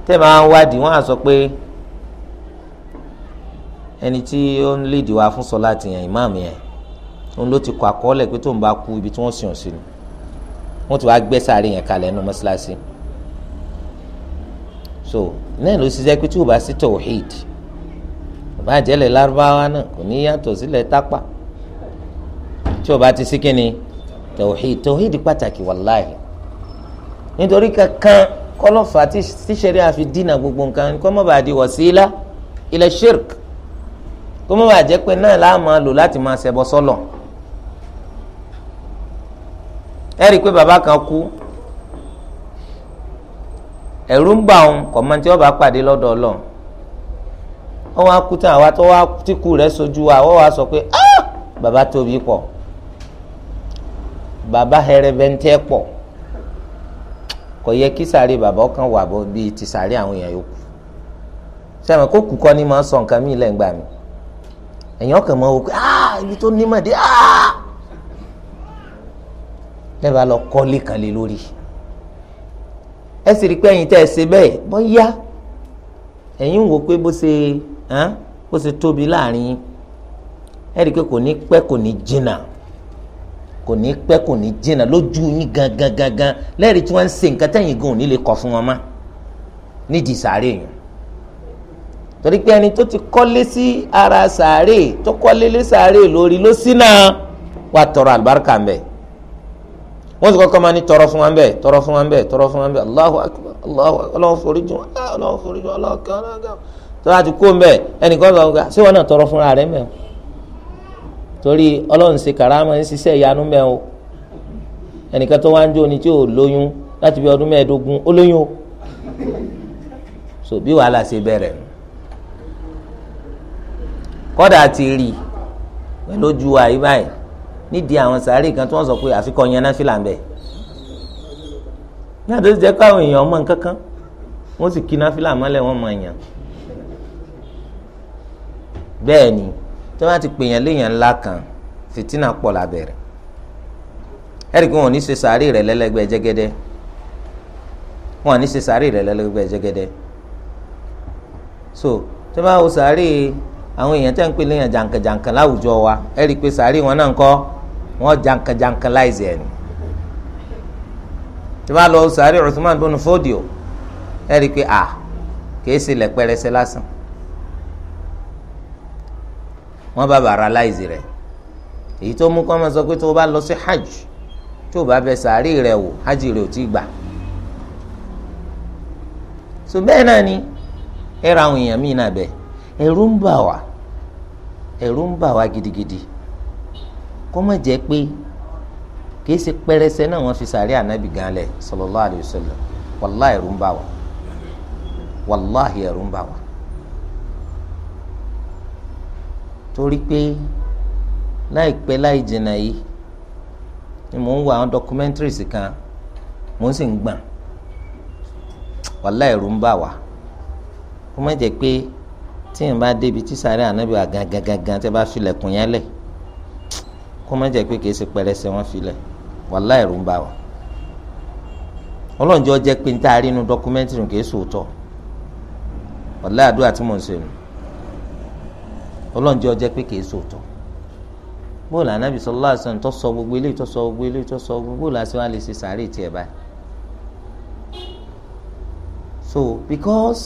tẹ́ máa ń wádìí wọ́n á sọ pé ẹni tí ó ń lédìí wá fún sọlá ti yàn ìmáàmù yẹn òun ló ti kọ àkọọ́lẹ̀ pé tóun bá kú ibi tí wọ́n sìn sí ni wọ́n ti wá gbé sáré yẹn kalẹ̀ nínú mọ́ṣáláṣí so náà ló ṣiṣẹ́ pé tí o bá sí tawhid bá jẹ́lẹ̀ lárúbáwá náà kò ní yàtọ̀ sílẹ̀ tápà tí o bá ti sí kínni tawhid tawhid pàtàkì wàláhì nítorí kankan kọlọ́fà tí sẹ́rí àfi dínà gbogbo nǹkan kọ́ mọ́ bàa di wọ̀síìlá shirk kọ́ mọ́ bàa jẹ́ pé náà láà máa lò láti máa ṣẹbọ sọ́lọ̀ ẹ rí i pé bàbá kan kú ẹ̀rù ń bà òun kọ́ mọ́ tí wọ́n bá pàdé lọ́dọ̀ ọlọ́ wọ́n wá kú tán àwa tó wá tíkù rẹ̀ sojú wa wọ́n wá sọ pé ah! bàbá tóbi pọ̀ bàbá hẹrẹ bẹ́ńtẹ́ kò yẹ kí sàárè bàbá ọkàn wà bọ́ bíi ti sàárè àwọn èèyàn yòókù sẹ́mi kó kú kọ́ ni máa sọ nǹkan mí lẹ́ǹgbà mi èèyàn kàn máa wò pé ah ibi tó ní màdé ah lẹ́bàá lọ kọ́lé kan lé lórí ẹ sì rí pé ẹ̀yin tẹ́ ẹ ṣe bẹ́ẹ̀ bọ́yá ẹ̀yin wò pé bó ṣe bó ṣe tóbi láàrin yín rí i pé kò ní pẹ́ kò ní jìnnà kò ní pẹ́ kò ní jìnnà lójú yín gangan gangan lẹ́rìí tí wọ́n ń ṣe nǹkan tẹ̀yìn gan òní lè kọ́ fún wọn mọ́ nídìí sàárè yẹn torí pé ẹni tó ti kọ́lé sí ara sàárè tó kọ́lé lé sàárè lórí ló sí náà wà tọrọ àlùbáríkà ń bẹ wọ́n ti kọ́kọ́ máa ní tọrọ fún wa ń bẹ tọrọ fún wa ń bẹ tọrọ fún wa ń bẹ Allahu akbar Allahu akbar Allahu forí jù Allahu forí jù Allahu akbar tó a ti kó ń bẹ ẹnì kan sọ ṣé wọn náà tọrọ fúnra rẹ mẹ́wọ́ torí ọlọ́run ṣe karama ń ṣiṣẹ́ ìyanu mẹ́ o ẹnìkan tó wá ń jó ni tí ò lóyún láti bí ọdún mẹ́ẹ̀ẹ́dógún ó lóyún o so bí wàhálà ṣe bẹ̀rẹ̀ kọ́dà ti rí pẹ̀lú ojú wa yìí báyìí nídìí àwọn sàárè kan tí wọ́n sọ pé àfikọ́ yẹn náà fìlà ń bẹ̀ ní àdó jẹ́ pé àwọn èèyàn ọmọ nǹkan wọ́n sì kí náà fìlà mọ́lẹ̀ wọ́n mọ̀ èèyàn bẹ́ẹ̀ ni tó bá ti pèèyàn léèyàn ńlá kan fìtínà pọ̀ lábẹ́rẹ́ ẹ̀rí pé wọn ò ní ṣe sàárì rẹ̀ lẹ́lẹ́gbẹ́ jẹ́gẹ́dẹ́ wọn ò ní ṣe sàárì rẹ̀ lẹ́lẹ́gbẹ́ jẹ́gẹ́dẹ́ so tó bá wo sàárì àwọn èèyàn tẹ́ ń pè léèyàn jàǹkànjàǹkàn láwùjọ wa ẹ̀rí pé sàárì wọn náà ń kọ́ wọn jàǹkànjàǹkàn láìsí ẹ̀ ni tó bá lọ sàárì Uthman bọ́nu fódìò ẹ̀rí pé à kìí ṣe lẹ̀pẹ̀rẹsẹ̀ lásán wọ́n bá paralyze rẹ̀ èyí tó mú kọ́ máa sọ pé tó o bá lọ sí hajj tó o bá bẹ sàárì rẹ̀ wò hajj rẹ̀ ò tí gbà so bẹ́ẹ̀ náà ni ẹ àwọn èèyàn míì náà bẹ ẹ̀rù ń bà wá ẹ̀rù ń bà wá gidigidi kó má jẹ́ pé kìí ṣe pẹrẹsẹ náà wọ́n fi sàárì ànábì gan lẹ̀ sallallahu alaihi wasallam wàláhì ẹ̀rù ń bà wá wàláhì ẹ̀rù ń bà wá. torí pé láìpẹ́ láì jìnnà yìí ni mò ń wo àwọn documentaries kan mò ń sì ń gbọ̀n wàhálà ẹ̀rù ń bà wá kó má jẹ́ pé tí n bá débi tí sáré ànábì wa gangan gangan tẹ́ bá filẹ̀kùn yẹn lẹ̀ kó má jẹ́ pé kìí ṣe pẹrẹsẹ wọn filẹ̀ wàhálà ẹ̀rù ń bà wá ọlọ́njọ́ jẹ́ pé n tá a rí inú dọ́kúmẹ́ntì nù kìí sòótọ́ wàhálà àdúrà tí mò ń ṣe ọlọ́njẹ́ ọjẹ́ pé kìí sòótọ́ bóòlù anábì sọ lọ́wọ́ àṣọ tó sọ gbogbo eléyìí tó sọ gbogbo eléyìí tó gbogbo bóòlù àṣọ wa lè ṣe sàárè tiẹ̀ báyìí. so because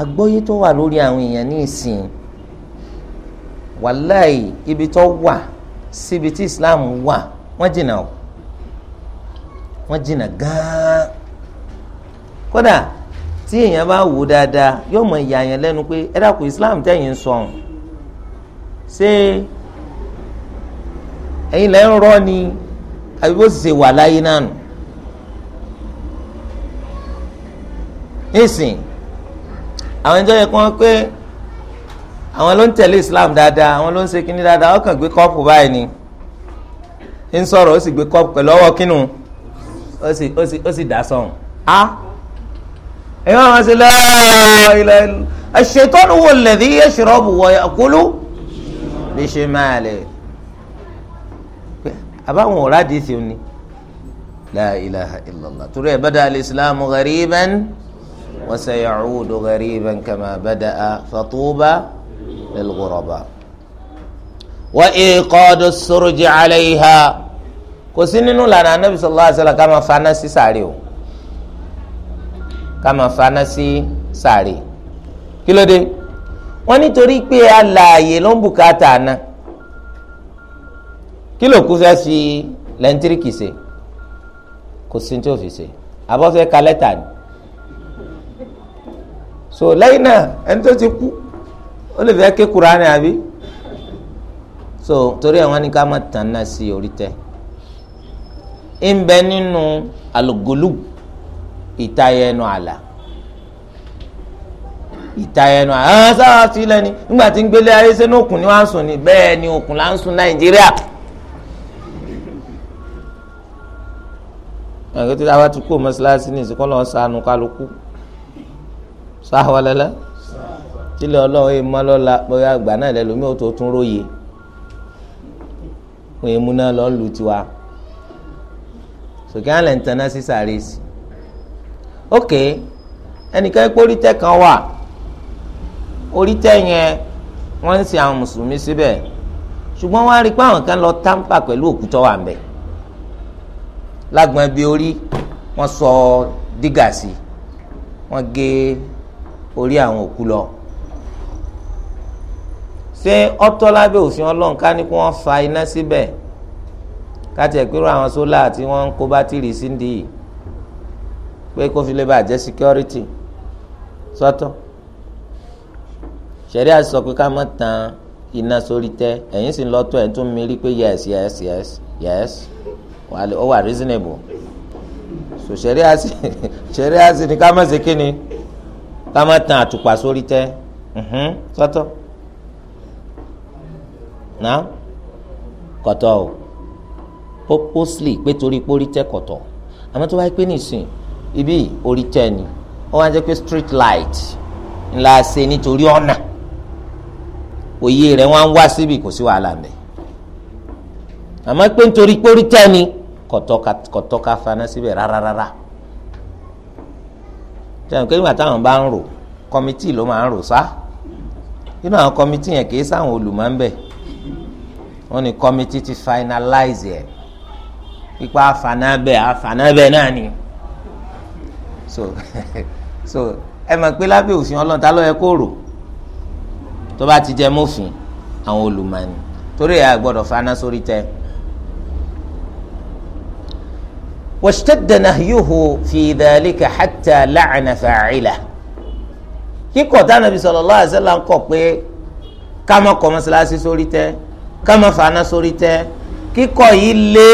agbóyé tó wà lórí àwọn èèyàn ní ìsìn wàláì ibi tó wà síbi tí Islam wà wọ́n jìnnà o wọ́n jìnnà gan-an kódà tí èèyàn bá wò dáadáa yóò mọ ìyá yẹn lẹ́nu pé ẹ dákun islam tẹ̀yìn sọ ọ̀hún ṣé ẹ̀yin lẹ́ ń rọ́ ni àbí bó ṣe wà láyé náà nù nísìn àwọn ẹjọ́ yẹ kí wọ́n pé àwọn ló ń tẹ̀lé islam dáadáa àwọn ló ń ṣe kínní dáadáa ọkàn gbé kọ́ọ̀pù báyìí ni ń sọ̀rọ̀ ó sì gbé kọ́ọ̀pù pẹ̀lú ọwọ́ kínú ó sì dá sọ̀hún Ah? يا عز لا إله إلا الله الشيطان هو الذي يشرب ويأكل بشماله أبا مراد ثني لا إله إلا الله ترى بدأ الإسلام غريبا وسيعود غريبا كما بدأ فطوبى للغرباء وإيقاد السرج عليها كسنن لنا النبي صلى الله عليه وسلم كما فانا سيساريو ká máa faná sí sàrè kí ló dé wọ́n nítorí pé alààyè ló ń bùkátà náà kí ló kú fẹ́ fi lẹ́ńtíríkì ṣe kò sí tí ó fi ṣe àbọ̀fẹ́ ka lẹ́tà ni so lẹ́yìn náà ẹni tó ti kú ó lè fẹ́ ké Kùránì àbí so torí ẹ̀ wọ́n ní ká má tàn náà sí orí tẹ́ ń bẹ nínú àlùgòlùbù ìtayẹ ẹnu àlà ìtayẹ ẹnu àlà ẹ sáà sílẹ̀ ni nígbà tí ń gbélé ayé sẹ́nu òkun ni wọ́n á sùn ni bẹ́ẹ̀ ni òkun là ń sùn nàìjíríà. ẹ̀ka tí táwa ti kó mọ́ṣáláṣí ní ìsìnkú lọ́wọ́ sànù kálukú sáwọ́ lẹ́lẹ́ ọlọ́run èèmọ́ lọ́la bóyá àgbà náà lẹ́lòmíì ó tó tún róye òun èèmú náà lọ́ọ́ lu tiwa sòkè àlẹ́ ń taná sí sàrẹ́sì ok ẹnìkan pé orí tẹ kan wà orí tẹ yẹn wọ́n ń sin àwọn mùsùlùmí síbẹ̀ ṣùgbọ́n wọ́n á rí i pé àwọn kan lọ táǹpà pẹ̀lú òkútọ́ wà ń bẹ̀ lágbọ̀n bíi orí wọ́n sọ dígà sí wọ́n gé orí àwọn òkú lọ ṣé ọ̀tọ̀ lábẹ́ òfin Ọlọ́run ká ní kí wọ́n fa iná síbẹ̀ ká tiẹ̀ àwọn sólà tí wọ́n ń kó bátìrì sí pé kó fi lè bá jẹ́ security sọ́tọ̀ ṣẹ̀ríà sọ pé ká má tan iná sórí tẹ́ ẹ̀yin sì ń lọ́tọ̀ ẹ̀ tún mi rí pé yes yes yes yes ó wà reasonable so ṣẹ̀ríà sì ṣẹ̀ríà sì ni ká má ṣe kí ni ká má tan àtùpà sórí tẹ́ mhm. sọ́tọ̀ náà kọ̀tọ̀ o purposely pé torí pórí tẹ́ kọ̀tọ̀ àmọ́ tó bá pé nìsín ibi orí tẹ́ni ó wá jẹ́ pé street light ńlá ṣe nítorí ọ̀nà òye rẹ̀ wọ́n wá síbi kò sí wàhálà mẹ́ àmọ́ pé nítorí pé orí tẹ́ni kọ̀tọ́ka fana síbẹ̀ rárárárá tẹ̀wọ̀n pé nígbà táwọn bá ń rò kọ́mítì ló máa ń rò sá àwọn yẹn kì í sáwọn ti finalize pípa náà ni. so so ẹ mọ̀ pé lábẹ́ òfin ọlọ́run ta ló yẹ kó rò tó bá ti jẹ mọ́fin àwọn olùmọ̀ọ́nì torí ẹ̀ gbọ́dọ̀ fana sórí tẹ. washtadda nahyuhu fi dhalika hatta la'ana fa'ilah kíkọ̀ tánàbí sallallahu alaihi wasallam ń kọ̀ pé ká má sórí tẹ ká fana sórí tẹ kíkọ̀ yìí lé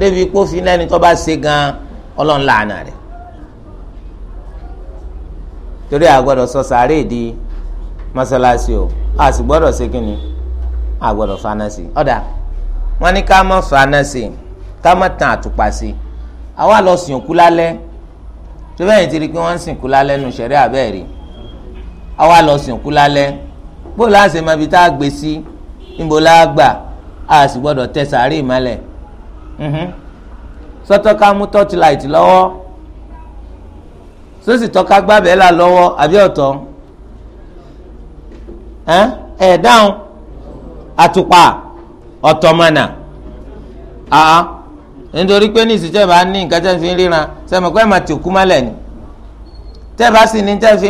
débi kó fi tó bá ṣe gan ọlọ́run láàánà rẹ̀ torí a gbọ́dọ̀ sọ sàárè di mọ́sálásí o a sì gbọ́dọ̀ ṣe kínni a gbọ́dọ̀ fanasi ọ̀dà wọ́n ní ká mọ́ fanasi ká mọ́ tàn àtùpà sí àwa lọ sìnkú lálẹ́ tó bẹ́ẹ̀ ti rí i pé wọ́n ń sìnkú lálẹ́ nu sẹ̀rí àbẹ́ẹ̀rí àwa lọ sìnkú lálẹ́ bó láṣẹ máa fi tá a gbé sí níbo la gbà a sì gbọ́dọ̀ tẹ sàárè mọ́lẹ̀ sọ́tọ́ ká mú tọ́tìláìtì lọ́wọ́. sì tọ́ka gbábẹ́ là lọ́wọ́ àbí ẹ ẹ̀ dáhùn àtùpà ọ̀tọ̀mọ̀nà àá nítorí pé ní ìsìtẹ́ bá ní nǹkan tẹ́ fi ń ríran sẹ́mi pé òkú ni tẹ́ bá sì ní tẹ́ fi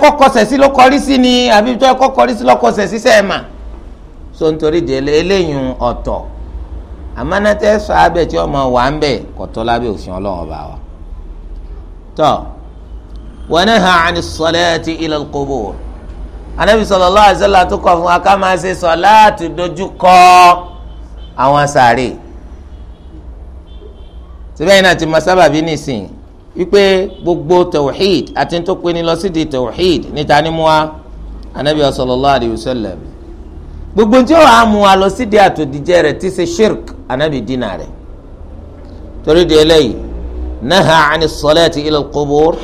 kọ. kọ́ kọsẹ̀ sí ló kọrí sí so nítorí délé eléyìí ọ̀tọ̀ àmánátẹ́ sọ abẹ tí ọmọ wà ń bẹ̀ kọ̀tọ́ lábẹ́ òfin ọlọ́wọ́ bá wa. tọ́ wa naha ani salati ila al-qubur anabi sallallahu alaihi wasallam tó kọ̀ fún wa ká máa ṣe sọláàtì dojú kọ àwọn sàárè síbẹ̀ yìí náà ti máa sábàbí nìsín wípé gbogbo tawhid àti tó pinni lọ sídìí tawhid níta ni mu wa anabi sallallahu alaihi wasallam gbogbo tí ó wàá mú wa lọ sídi àtòdìjẹ rẹ̀ tí ṣe shirk anabi dínà rẹ̀ torí di eléyìí naha ani sọlẹ́ẹ̀tì ilẹ̀ kubur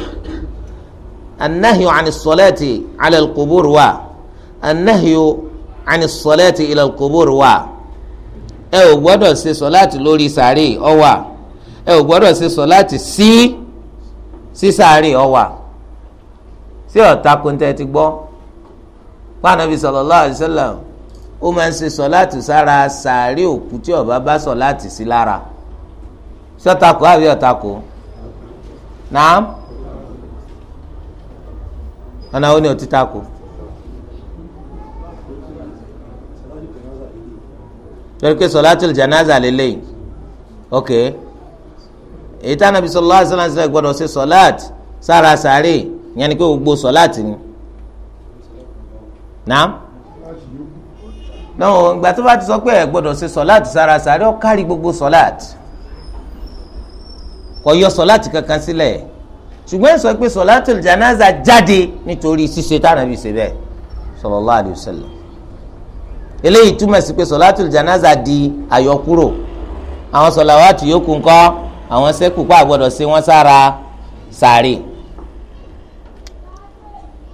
anahiu ani sọlẹ́ẹ̀tì alẹ́ kubur wa anahiu ani sọlẹ́ẹ̀tì ilẹ̀ kubur wa ẹ ò gbọ́dọ̀ ṣe sọláàtì lórí sàárè ọwà ẹ ò gbọ́dọ̀ ṣe sọláàtì sí sí sàárè ọwà sí ọ̀tá kóńtẹ́ ti gbọ́ pàànàbí sallallahu alaihi wasallam ó máa ń ṣe sọláàtì sára sàárè òkú tí ọba bá sọláàtì sí lára sọtakọ àbí ọtakọ naam ọ̀nà wo ni òtí takọ torí pé sọláàtì janaza lélẹ́yìn ok èyí tá nàbí sọlá sọláàtì gbọ́dọ̀ ṣe sọláàtì sára sàárè yẹn ni pé gbogbo sọláàtì ni naam náà ìgbà tó bá ti sọ pé ẹ gbọ́dọ̀ ṣe sọláàtì sára sàárẹ ó kárí gbogbo sọláàtì kò yọ sọláàtì kankan sílẹ̀ ṣùgbọ́n ẹ sọ pé sọláàtì janaza jáde nítorí ṣíṣe tí Ànábì ṣe bẹ́ẹ̀ sallallahu alaihi wasallam eléyìí túmọ̀ sí pé sọláàtì janaza di àyọkúrò àwọn sọláwàtì yòókù ńkọ́ àwọn sẹ́kù pa àgbọ̀dọ̀ ṣe wọ́n sára sàárẹ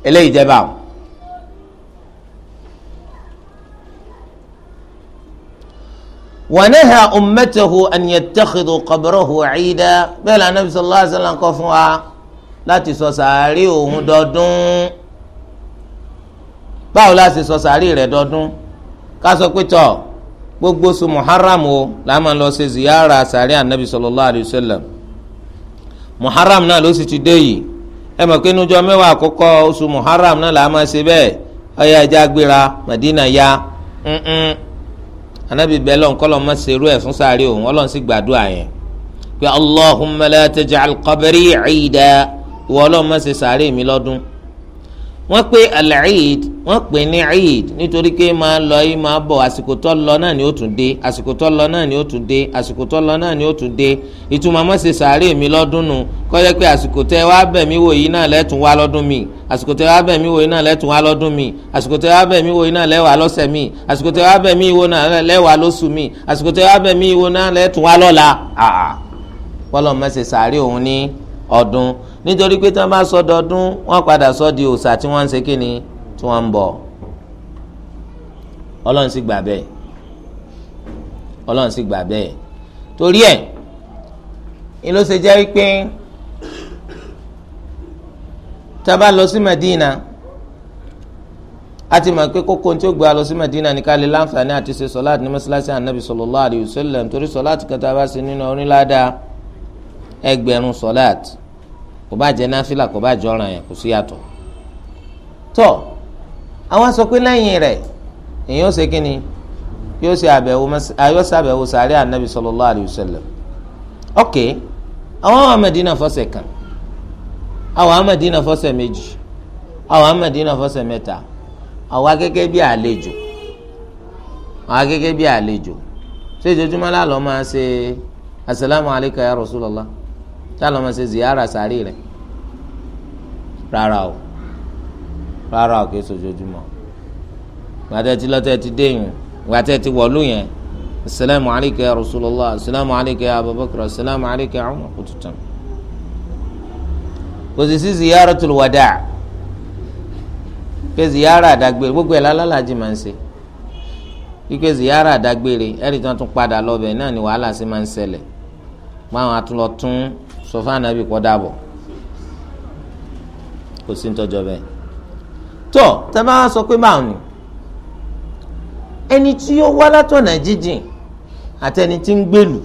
eléyìí jẹ́ báwọn. wanaha ummatahu an yattakhidhu qabrahu 'ida bẹ́ẹ̀ la anabi sallallahu alayhi wa sallam kọ́ fún wa láti sọ sàárì òun dọdún báwo la ṣe sọ sàárì rẹ̀ dọdún ká sọ pé tọ gbogbo oṣù muharram o la máa lọ ṣe ziyara sàárì anabi sallallahu alayhi wa sallam muharram náà ló sì ti dé yìí ẹ mọ̀ pé inújọ́ mẹ́wàá àkọ́kọ́ oṣù muharram náà la ṣe bẹ́ẹ̀ ọ̀yà ẹja gbéra madina ya. Mm -mm anabi bẹlẹ nkọlọ ma seru ẹ fún sáré òun Ọlọ́run sì gbàdúrà yẹn pé allahumma la taj'al qabri 'ida ìwọ Ọlọ́run ma ṣe sáré mi lọ́dún wọ́n pè al wọ́n pè ní eid nítorí pé máa lọ yìí máa bọ̀ àsìkò tó lọ náà ni ó tún dé àsìkò tó lọ náà ni ó tún dé àsìkò tó lọ náà ni ó tún dé ìtumọ̀ má ṣe sàárè mi lọ́dún nù kó jẹ́ pé àsìkò tẹ́ wá bẹ̀ mí wò yìí náà lẹ́tùn wá lọ́dún mi àsìkò tẹ́ wá bẹ̀ mí wò yìí náà lẹ́tùn wá lọ́dún mi àsìkò tẹ́ wá bẹ̀ mí wò yìí náà lẹ́wà lọ́sẹ̀ mi àsìkò tẹ́ wá bẹ̀ mí wò náà lẹ́wà lóṣù nítorí pé tí wọ́n bá sọ dọdún wọ́n padà sọ di òòṣà tí wọ́n ń ṣe kíni tí wọ́n ń bọ̀ ọlọ́run sì gbà bẹ́ẹ̀ ọlọ́run sì gbà bẹ́ẹ̀ torí ẹ̀ ni ló ṣe jẹ́ wípé tá a bá lọ sí Medina a ti mọ̀ pé kókó tí ó gbé a lọ sí Medina ní ká lè láǹfààní àti ṣe sọ́láàt ní mọ́ṣáláṣí ànábì sallallahu alayhi wa sallam torí sọ́láàt kan tá a bá ṣe nínú orin ládàá ẹgbẹ̀rún sọ́láàt kò bá jẹ́ náfìlà kò bá jẹ́ ọ̀ràn yẹn kò sí yàtọ̀ tọ́ àwọn sọ pé abewu rẹ̀ èyàn ó ṣe kí ni yóò ṣe sallallahu alayhi wa ok àwọn kan àwọn àwọn Mẹdínà méjì àwọn àwọn Mẹdínà fọ́sẹ̀ àwọn akẹ́kẹ́ bí àlejò àwọn àlejò ṣé ìjọjúmọ́ lálọ́ máa tá lọ́mọ ṣe ziyara sáré rẹ̀ rárá o rárá o kìí sojoojúmọ́ gbàtẹ́ ti lọ́tẹ́ ti déyìn gbàtẹ́ ti wọ̀lú yẹn asalaamu alaykum ya rasulallah asalaamu alaykum ya abubakar asalaamu alaykum ya umar kutu tan kò sì sí ziyara tó wàdà pé ziyara àdágbére gbogbo ẹ̀ lálálàjì máa ń ṣe ikú ziyara àdágbére ẹ̀rí tí wọ́n tún padà lọ bẹ̀ náà ni wàhálà sí máa ń ṣẹlẹ̀ máa wọn lọ tún sọ fún anabi kọ́ dàbọ̀ kò sí ntọ́jọ bẹ́ẹ̀ tó tẹ́lẹ̀ wá sọ pé máa nù ẹni tí ó wá látọ̀nà jíjìn àtẹni tí ń gbèlú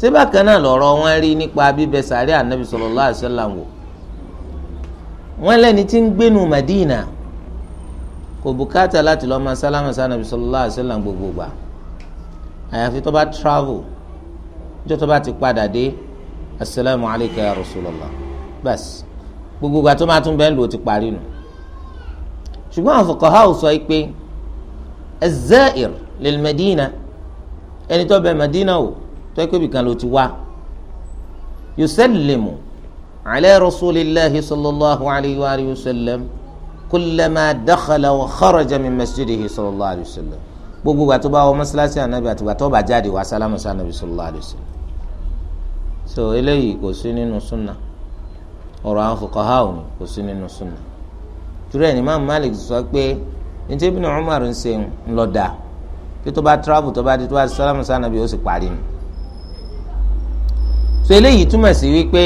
síbà kan náà lọ̀rọ̀ wọn rí nípa bíbẹ sàárẹ̀ anabi sallallahu alaihi wasallam wọn lẹ́ni tí ń gbénu Madina kò bùkátà láti lọ́ọ́ máa sálámà sí anabi sallallahu alaihi wasallam gbogbo gbà àyàfi tó bá travel níjọ́ tó bá ti padà dé asalaamu alayka ya rasulallah bas gbogbo ìgbà tó máa tún bẹ́ẹ̀ lò ó ti parí nù ṣùgbọ́n àwọn fuqaha sọ pé az-za'ir lil madina ẹni tó bẹ madina o tó yẹ pé ibìkan ló ti wá yusallimu ala rasulillahi sallallahu alayhi wa alihi wa sallam kullama dakhala wa kharaja min masjidihi sallallahu alayhi wa sallam gbogbo ìgbà tó bá wọ mọ́sálásí ànábì àtìgbà tó bá jáde wá sálámù sí ànábì sallallahu alayhi wa sallam. so eléyìí kò sí nínú súnà ọ̀rọ̀ àwọn fuqaha òní kò sí nínú súnà torí ẹni Imam Malik sọ pé Umar ń ṣe ńlọ́dà pé tó bá travel tó bá di tó bá ni so eléyìí túmọ̀ sí wípé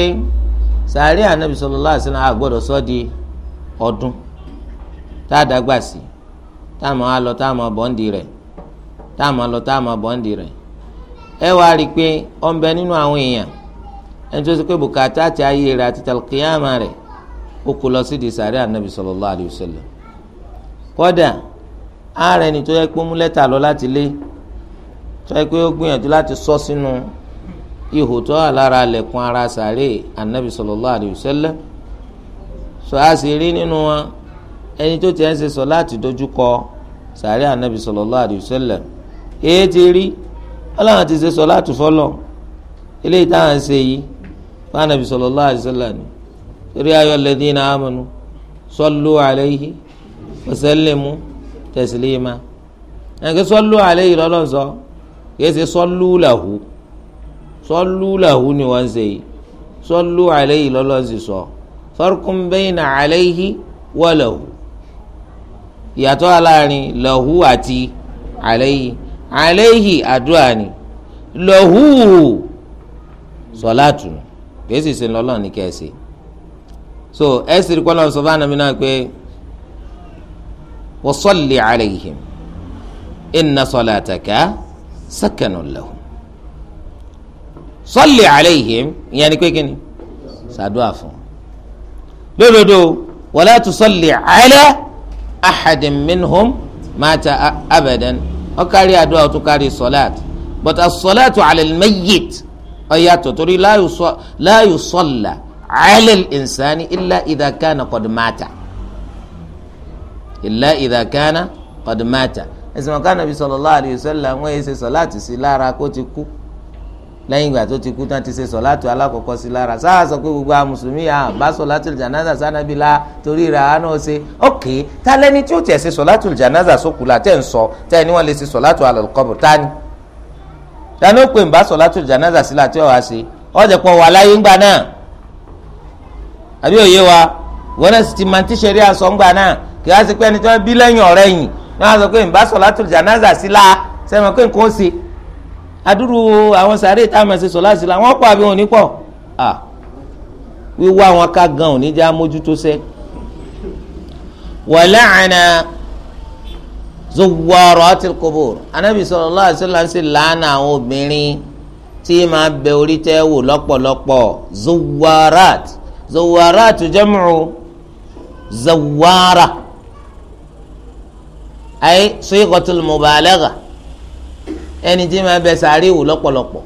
sàárè ànábì sallallahu alaihi wasallam àgbọ̀dọ̀ sọ di ọdún tá a dàgbà sí tá a máa lọ tá a ta bọ́ǹdì rẹ̀ tá a máa lọ tá a bọ́ǹdì ẹni tó ṣe pé bùkátà àti ayé rẹ̀ àti tàlùkìyàmà rẹ̀ ó kó lọ sí di sàárẹ̀ ànábì sallallahu alayhi wa sallam kódà ààrẹ ni tó yẹ pé mú lẹ́tà lọ láti lé tó yẹ pé ó gbìyànjú láti sọ sínú ihò tó wà lára lẹ̀kùn ara sàárẹ̀ ànábì sallallahu alayhi wa sallam sọ a sì rí nínú wọn ẹni tó tiẹ̀ ń ṣe sọ láti dojú kọ sàárẹ̀ ànábì sallallahu alayhi èyí ti rí ọlọ́run ti ṣe sọ láti fọlọ́ eléyìí táwọn ṣe yìí fanabi sallallahu alayhi wa sallam torí ayọ lẹdínà amanu sọlú alayhi wasallimu tẹsílíma ẹnìkẹ́ sọlú alayhi lọ́lọ́sọ kìí ṣe sọlú làhù sọlú làhù ni wọ́n ṣe yìí sọlú alayhi lọ́lọ́sì sọ farqun bayna alayhi wa lahu ìyàtọ̀ aláàrin lahu àti alayhi alayhi àdúrà lahu sọláàtù kèésì sí lọ́lọ́run ní kẹ́ẹ̀sì so ẹ sì rí kọ́ lọ́run sọ fún ànàmì náà pé wa salli alayhim inna salataka sakanun lahum salli alayhim ìyẹn ni pé kí ni ṣàdúrà fún lódodo wala tusalli ala ahadin minhum mata abadan ó kárí àdúrà ó tún kárí but as-salatu ala al ọ̀yàtọ̀ torí la yusalla ala al-insani illa idha kana qad mata illa idha kana qad mata ẹ̀sìn mọ̀ká nàbí sallallahu alayhi wa sallam wọ́n yẹ ṣe sọ̀láàtì sí lára kó ti kú lẹ́yìn ìgbà tó ti kú tán ti ṣe sọ̀láàtù alákọ̀ọ́kọ́ sí lára sáà sọ pé gbogbo àwọn à bá sọ̀láàtù jànáza sànàbí la torí ra àánú ṣe ok ta tí ó tẹ̀ ṣe sọ̀láàtù jànáza sókùlà tẹ̀ ń sọ tẹ̀ ni wọ́n lè ṣe sọ̀láàtù alal qabr ta dání ó pè ń bá sọ̀látù janaza sí láti ọ̀hà sí ọ̀jẹ̀ pọ̀ wà láyé ńgbà náà àbí òye wa wọn náà sì ti máa ti ṣeré aṣọ ńgbà náà kì á sì pé ẹni tí wọ́n bí lẹ́yìn ọ̀rẹ́ yìí ni wọ́n sọ pé ń bá sọ̀látù janaza sí la sẹ́wọ̀n pé nǹkan ó ṣe adúrú àwọn sàárè táwọn ẹ̀sìn sọ̀lá sí la wọ́n pọ̀ àbí wọn ò ní pọ̀ wíwá wọn ká gan òní jẹ́ amójútó sẹ́ wọ́n lẹ́ zuwaratil qubur anabi sallallahu alaihi wasallam sì lánàá àwọn obìnrin tí máa bẹ orí tẹ́ wò lọ́pọ̀lọpọ̀ zuwarat zuwarat jam'u zawara ay sigatul mubalagha ẹni tí máa bẹ sàárè wò lọ́pọ̀lọpọ̀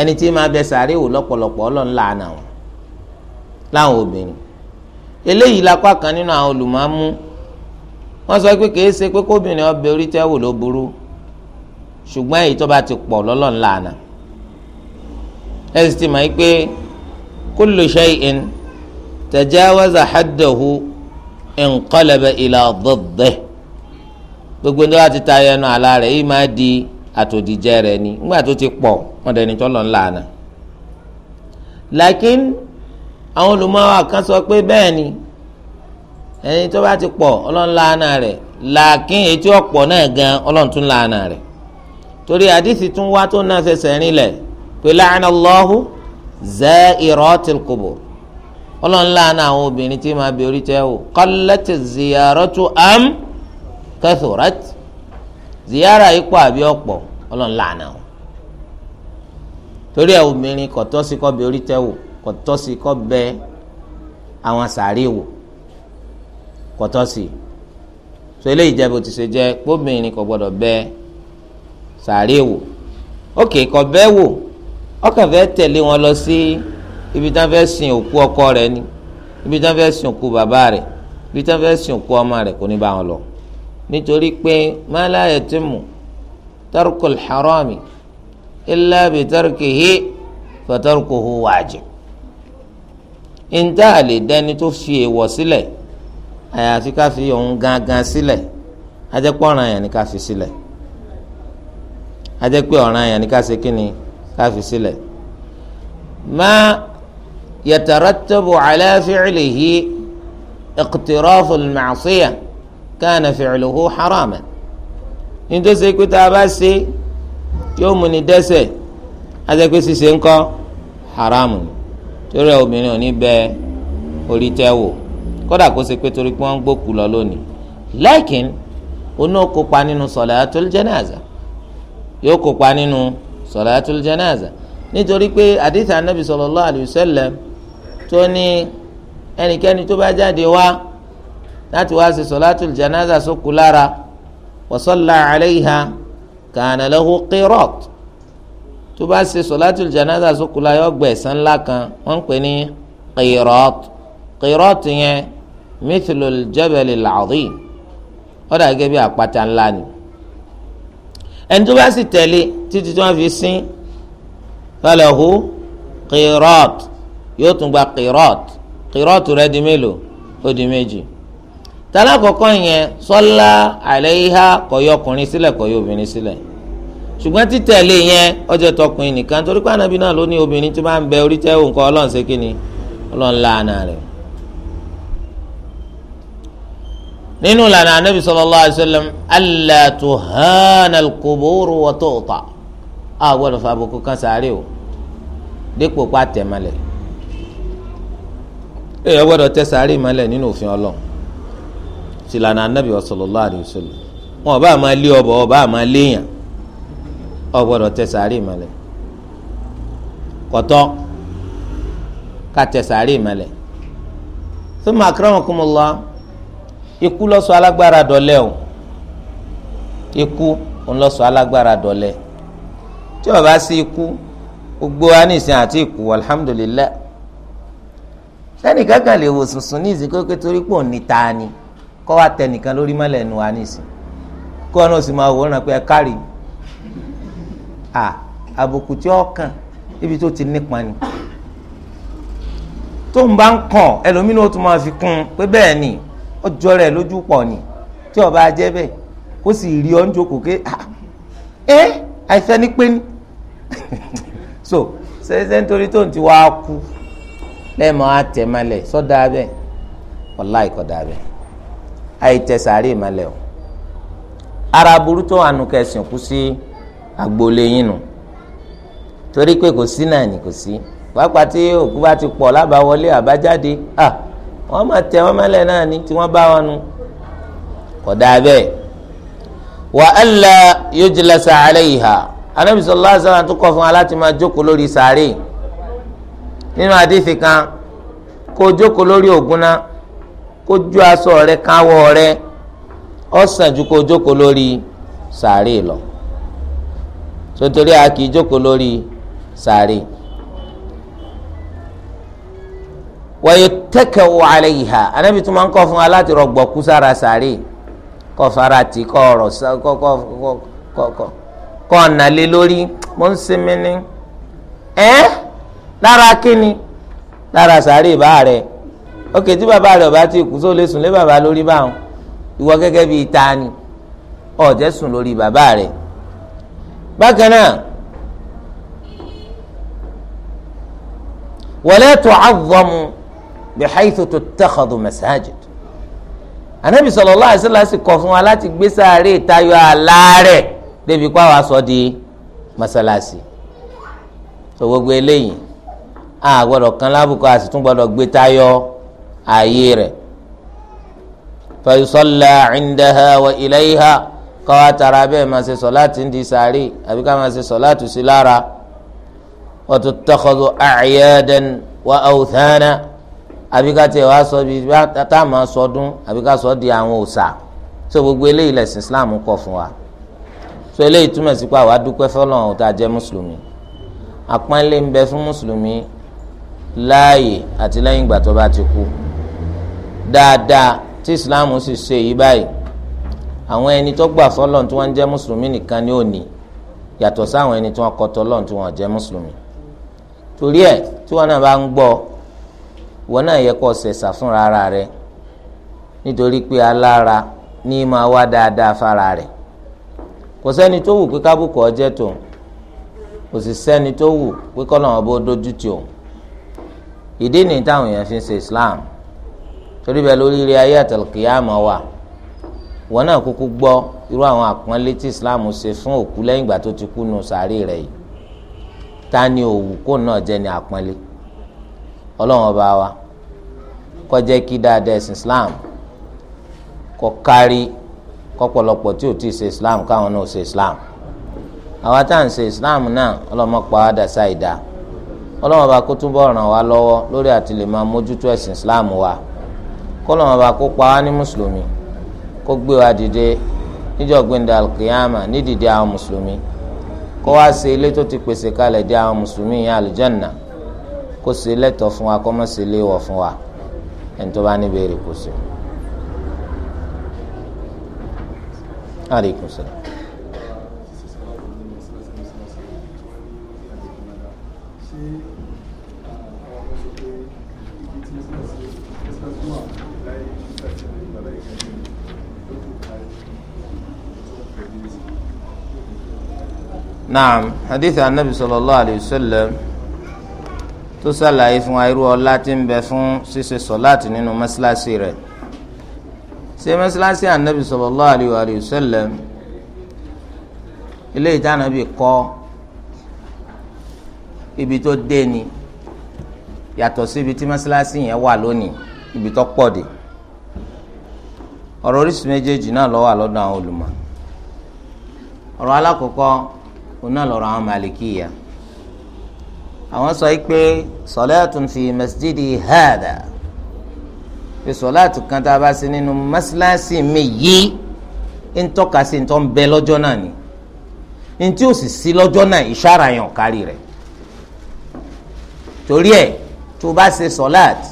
ẹni tí máa bẹ sàárè wò lọ́pọ̀lọpọ̀ ọlọ́run lánàá wọn láwọn obìnrin eléyìí lápá kan nínú àwọn olùmọ̀ọ́mú wọ́n sọ pé kìí ṣe pé kóbìnrin ọbẹ̀ orí tẹ́ wò ló burú ṣùgbọ́n èyí tó bá ti pọ̀ lọ́lọ́run lànà ẹ sì ti mọ̀ yí pé kullu shay'in tajawaza haddahu inqalaba ila diddihi gbogbo ní wàá ti ta ẹnu àlá rẹ̀ yìí máa di àtòdìjẹ rẹ̀ ni nígbà tó ti pọ̀ wọ́n dẹni tó lọ́n lànà. lakin àwọn olùmọ̀ wa kan sọ pé bẹ́ẹ̀ ni ẹni tó bá ti pọ̀ ọlọ́run láàánà rẹ̀ làákín etí ọ̀pọ̀ náà gan ọlọ́run tún láàánà rẹ̀ torí àdìsí tún wá tó náà fẹsẹ̀ rinlẹ̀ pé láàánà lọ́hùn zairatil qubur ọlọ́run láàánà àwọn obìnrin tí máa bẹ orí tẹ́ o qallati ziyaratu am kathurat ziyara ipò àbí ọ̀pọ̀ ọlọ́run láàánà o torí ẹ obìnrin kò sí kó bẹ orí tẹ́ o kò sí kó bẹ àwọn sàárè wò kọtọ sí so eléyìí jẹ bó ti ṣe jẹ gbóbìnrin kò gbọ́dọ̀ bẹ sàárè wò ok kò bẹ wò ọkàn fẹ́ tẹ̀lé wọn lọ sí ibi tí wọn fẹ́ sin òkú ọkọ rẹ̀ ni ibi tí wọn fẹ́ sin òkú bàbá rẹ̀ ibi tí wọn fẹ́ sin òkú ọmọ rẹ̀ kò ní bá wọn lọ nítorí pé mala yatimu tarkul harami illa bi tarkihi fatarkuhu wajib. ìntà lè dẹni tó fi èèwọ̀ sílẹ̀. Si àyàfi ká fi òun gangan sílẹ̀ ajẹ́ pé ọ̀ràn yẹn ni ká fi sílẹ̀ ajẹ́ pé ọ̀ràn yẹn ni ká ṣe kíni ká fi sílẹ̀ má yatarattabu ala fi'lihi iqtirafu al-ma'siyah kana fi'luhu haraman nítòsí pé tá a bá ṣe yóò mú ni dẹ́ṣẹ̀ ajẹ́ pé ṣíṣe ńkọ́ haramu torí obìnrin ò ní bẹ orí tẹ́ wò kódà kó ṣe pé torí pé wọ́n ń gbókù lọ lónìí lẹ́kìn oní ó kópa nínú sọ̀làtul janaza yóò kópa nínú sọ̀làtul janaza nítorí pé àdìsí anábì sallallahu alayhi wa sallam tó ní ẹnikẹ́ni tó bá jáde wá láti wá ṣe sọ̀làtul janaza sókù lára wa salla alayha kana tó bá ṣe sọ̀làtul janaza sókù lára yọ gbẹ̀san ńlá kan wọ́n pè ní qirat qirat yẹn mithlul jabalil azim ó dà gẹ́gẹ́ bí àpáta ńlá ni ẹni tó bá sì tẹ̀lé títí tí wọ́n fi sin falahu qirat yóò tún gba qirat qirat rẹ̀ di mélòó ó di méjì talakọkọ yẹn sọlá àlẹyìhá kọyọ ọkùnrin sílẹ̀ kọyọ obìnrin sílẹ̀ ṣùgbọ́n títẹ̀lé yẹn ọjọ́ tọkùnrin nìkan torí pé ànábì náà ló ní obìnrin tó bá ń bẹ orí tẹ́wò nǹkan ọlọ́run ṣe kí ni ọlọ́run láàánà rẹ̀ nínú ìlànà anabi sallallahu alayhi wa sallam alla tuhana al-qubur wa tu'ta a gbọ́dọ̀ fa àbùkù kan sáré o dípò pa tẹ̀mọ́lẹ̀ èèyàn gbọ́dọ̀ tẹ sáré mọ́lẹ̀ nínú òfin Ọlọ́run tìlànà anabi sallallahu alayhi wa sallam wọn ọba àmà lé ọbọ ọba àmà léèyàn ọgbọ́dọ̀ tẹ sáré mọ́lẹ̀ kọtọ ká tẹ sáré mọ́lẹ̀ thumma akramakumullah ikú ló sọ alágbára dọ̀lẹ o ikú ló sọ alágbára dọ̀lẹ tí ó bá sí ikú gbogbo wa ní ìsìn àti ikú alhamdulilayi sẹ́nìkan kan lè wò sùnsùn ní ìsìn kókó torí pò ní ta ni kọ́ wa tẹ nìkan lórí mọ́lẹ̀ nu wa ní ìsìn kó ọ̀nà òsì máa wòran pé ẹ kárì à àbùkù tí ó kàn ibi tó ti nípa ni tó ń bá ń kàn ẹlòmínú ó máa fi kún un pé bẹ́ẹ̀ ni ọjọ́ rẹ̀ lójú pọ̀ ni tí ọba jẹ́ bẹ́ẹ̀ kó sì rí ọ́ ń jókòó ké ah, ẹ àìsàn ni pé ni so ṣẹṣẹ nítorí tó ń ti wá kú lẹ́ẹ̀mọ́ àtẹ̀mọ́lẹ̀ sọ́dà bẹ́ẹ̀ ọ̀la ìkọ̀dà bẹ́ẹ̀ àìtẹ̀sàárè ìmọ̀lẹ̀ o ara burú tó ànú kẹsìn kú sí agboolé yín nu torí pé kò sí náà ni kò sí pápá tí òkú bá ti pọ̀ lábàwọlé àbájáde ah wọ́n máa tẹ̀ wọ́n mẹ́lẹ̀ náà ní tí wọ́n bá wọn nu kò dáa bẹ́ẹ̀ wa alla yujlasa alayha anabi sallallahu alaihi wasallam tó kọ̀ fún wa láti máa jókòó lórí sàárè nínú àdìsí kan kó jókòó lórí ògúnná kó ju aṣọ rẹ̀ káwọ́ rẹ̀ ó sàn ju kó jókòó lórí sàárè lọ sotori a kì í jókòó lórí sàárè. wàyí tẹ́kẹ̀ wọ alẹ́ yìí ha anábì tó máa ń kọ́ fún wa láti rọgbọ̀ kú sára sàárè kọ́ fara tì kọ́ ọ̀rọ̀ kọ́ kọ́ kọ́ kọ́ ọ̀nà mo ń sinmi ní. ẹ́ lára kíni lára sàárè bá rẹ̀ ókè tí bàbá rẹ̀ ọba ti kú sóò lè sùn lé bàbá lórí báwọn ìwọ gẹ́gẹ́ bíi ta ni ọ̀jẹ̀ sùn lórí bàbá rẹ̀ bákan náà. wala tu'azzamu bihaythu tuttakhadhu masajid anabi sallallahu alaihi wasallam sì kọ̀ fún wa láti gbé sáré tayọ àlàárẹ̀ débi pa wá sọ di masalasi so gbogbo eléyìí a gbọ́dọ̀ kan lábùkọ a sì tún gbọ́dọ̀ gbé tayọ ààyè rẹ̀ fa yusalla indaha wa ilayha káwa tara bẹ́ẹ̀ máa ṣe sọláàtì ń di sáré àbí ká máa ṣe sọláàtù sí lára wa tuttakhadhu a'yadan wa awthana àbí ká tiẹ̀ wá sọ bí tá a máa sọdún àbí ká sọ di àwọn òòṣà so gbogbo eléyìí lẹ̀sìn Islam kọ̀ fún wa so eléyìí túmọ̀ sí pé àwa dúpẹ́ fọlọ́run ọ̀tá jẹ́ mùsùlùmí àpọ́nlé ń bẹ fún mùsùlùmí láàyè àti lẹ́yìn ìgbà tó bá ti kú dáadáa tí Islam sì ṣe yìí báyìí àwọn ẹni tó gbà fọlọ́run tí wọ́n ń jẹ́ mùsùlùmí nìkan ni ó ní yàtọ̀ sáwọn ẹni tí wọ́n kọ́ tọ́lọ́run tí wọ́n wọn náà yẹ kó ṣẹ̀ṣà fúnra ara rẹ nítorí pé alára ní máa wá dáadáa fara rẹ̀ kò sẹ́ni tó wù pé kábùkù ọjẹ́ tòun kò sì sẹ́ni tó wù pé kọ́lọ́mọ bó dojú tì òun ìdí ni táwọn èèyàn fi ń ṣe Islam torí bẹ́ẹ̀ lórí ilé ayé àtàlùkìyàmọ̀ wà wọn náà kúkú gbọ́ irú àwọn àpọ́nlé tí Islam ṣe fún òkú lẹ́yìn ìgbà tó ti kú nù sàárè rẹ̀ yìí ta ni òwú kó náà jẹ́ ni àpọ́nlé ọlọ́run ọba wa kó jẹ́ kí dáadáa ẹ̀sìn islam kó kárí kọ́pọ̀lọpọ̀ tí ò tí ṣe islam káwọn náà ṣe islam àwa tá à ń ṣe islam náà ọlọ́mọ pa á dà sáìdá ọlọ́run ọba kó túbọ̀ ràn wá lọ́wọ́ lórí àti lè máa mójútó ẹ̀sìn islam wa kọ́lọ́run ọba kó pa á ní mùsùlùmí kó gbé wa dìde níjọ́ gbẹ̀ndà alkiyama ní dìde àwọn mùsùlùmí kó wá ṣe ilé tó ti pèsè kalẹ̀ dé àwọn mùsùlùmí yẹn àlùjánnà kó ṣe lẹ́tọ̀ fún wa kó má ṣe léwọ̀ fún wa ẹni tó bá ní béèrè kó ṣe. aleykum salaam. نعم حديث عن النبي صلى الله tó ṣàlàyé fún wa irú ọlá tí ń bẹ fún ṣíṣe sọláàtì nínú mọ́ṣáláṣí rẹ̀ ṣé mọ́ṣáláṣí ànábì sallallahu alaihi wa sallam ilé ìtànàbì kọ́ ibi tó dé ni yàtọ̀ sí ibi tí mọ́ṣáláṣí yẹn wà lónìí ibi tó pọ̀ dé ọ̀rọ̀ oríṣi méjèèjì náà ló wà àwọn olùmọ̀ ọ̀rọ̀ alákọ̀ọ́kọ́ òun náà lọ́rọ̀ àwọn màlìkíyà àwọn sọ yìí pé sọláàtún fi masjidi hàdà pé sọláàtù kan tá a bá ṣe nínú mọ́sálásí mi yìí ń tọ́ka sí ń tọ́ ń bẹ lọ́jọ́ náà ni ní tí ó sì sí lọ́jọ́ náà ìṣára yàn kárí rẹ̀ torí ẹ̀ tó bá ṣe sọláàtù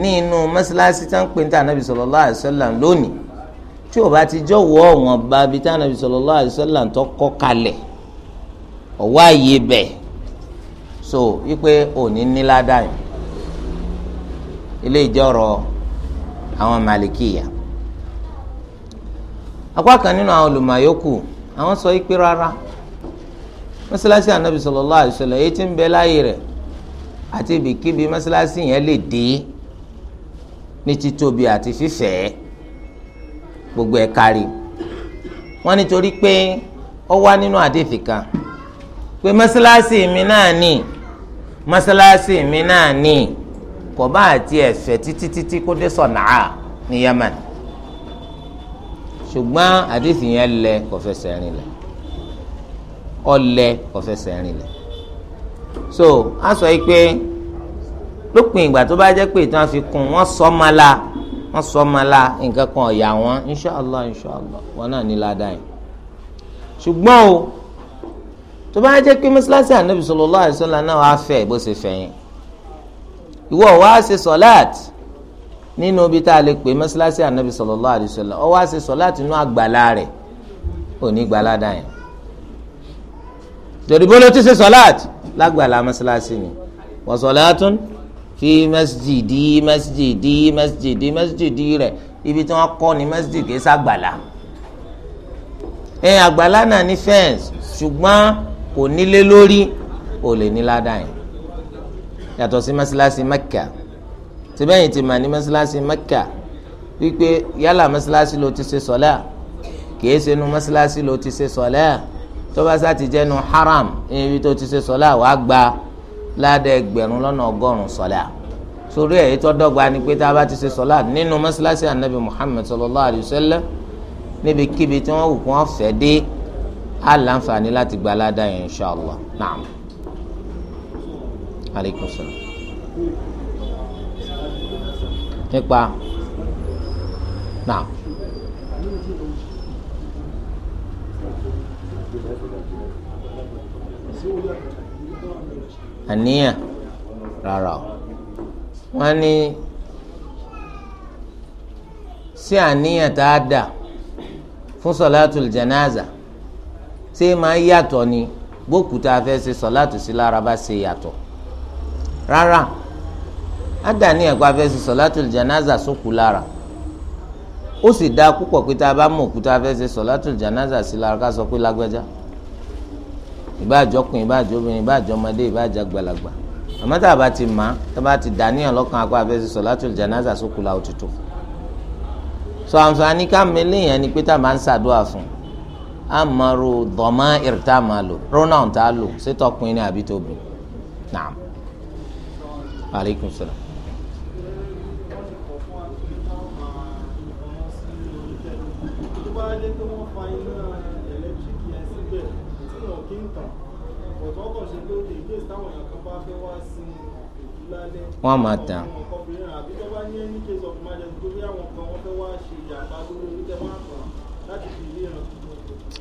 ní inú mọ́sálásí tá ń pè ní tá ànábì sallallahu alaihi wasallam lónìí tí o bá ti jọ̀wọ́ ọ̀wọ́n bá bi tá ànábì sallallahu alaihi wasallam tó kọ́ kalẹ̀ ọ̀wọ́ àyè bẹ́ẹ̀ so ipe òní nílá dáyọ ilé ìjọrọ àwọn màlìkìyà apá kan nínú àwọn olùmọ̀yókù àwọn sọ wípé rárá mọ́sálásí ànábì sallallahu alaihi wasallam èyí tí ń bẹ láàyè rẹ̀ àti ibìkíbi mọ́sálásí yẹn lè dé ní àti gbogbo ẹ̀ kárí wọ́n nítorí pé wá nínú àdéfì kan pé mọ́sálásí mọ́sálásí mi náà ní kò bá àti ẹ̀fẹ̀ títí títí kó dé sọ̀nàá ní Yemen ṣùgbọ́n àdìsí yẹn lẹ kò fẹsẹ̀ rìn lẹ̀ ọlẹ kò fẹsẹ̀ rìn lẹ̀ so a sọ yìí pé lópin ìgbà tó bá jẹ́ pé ìtàn fi kún wọ́n sọ ma la wọ́n sọ ma la nǹkan kan ọ̀yà wọn inṣàlá inṣàlá wọn náà ní ládàá yìí ṣùgbọ́n o tó bá jẹ́ pé mọ́sálásí ànábì sallallahu alaihi wasallam náà á fẹ̀ bó ṣe fẹ̀ yẹn ìwọ wá ṣe sọ̀láàtì nínú ibi tá a lè pè mọ́sálásí ànábì sallallahu alaihi wasallam ọ wá ṣe sọ̀láàtì nínú àgbàlá rẹ̀ ò ní gbalada yẹn torí bó ló ti ṣe sọ̀láàtì lágbàlá mọ́sálásí ni wa salatun fi masjidi masjidi masjidi masjidi rẹ̀ ibi tí wọ́n kọ́ ni masjidi kì kò nílé lórí ò lè ní ládàá yẹn yàtọ̀ sí mọ́sálásí mẹ́kà tìbẹ́yìn ti mà ní mọ́sálásí mẹ́kà wípé yálà mọ́sálásí ló ti ṣe sọ́lá kìí ṣe nu mọ́sálásí ló ti ṣe sọ́lá tó bá sá ti jẹ́ nu haram ibi tó ti ṣe sọ́lá wàá gba ládàá ẹgbẹ̀rún lọ́nà ọgọ́rùn-ún sọ́lá sórí ẹ̀ tó dọ́gba ni pé tá ti ṣe sọ́lá nínú mọ́sálásí anabi muhammed sallallahu alayhi níbikíbi tí wọ́n wù kí wọ́n fẹ́ dé á láǹfààní láti gba aládàá yẹn inṣàlá naam aleykum salaam nípa naam. àníyàn rárá o wọn ní sí àníyàn tá a dà fún sọláàtù jẹnáàzà ṣé máa yàtọ̀ ni bókùtà fẹ́ ṣe sọ̀láàtù sí lára bá ṣe yàtọ̀ rárá ádàní ẹ̀kọ́ afẹ́ ṣe sọ̀láàtù janaza sókù lára ó sì dáa púpọ̀ pé tá a bá mú òkúta afẹ́ ṣe sọ̀láàtù janaza sí lára ká sọ pé lágbájá ìbáàjọkùn ìbáàjọbìnrin ìbáàjọmọdé ìbáàjàgbàlagbà àmọ́ tá a bá ti mà tá a bá ti dà níyàn lọ́kàn akọ́ afẹ́ ṣe sọ̀láàtù janaza sókù lára òtútù sọ àǹfààní ká mi léèyàn ni pé tá a máa ń amaru dọ̀mọ́ ìrìtá máa lò pronoun tá a lò sétọ́ pin ní àbí tóbi naam aleykum salaam. wọ́n máa tàn.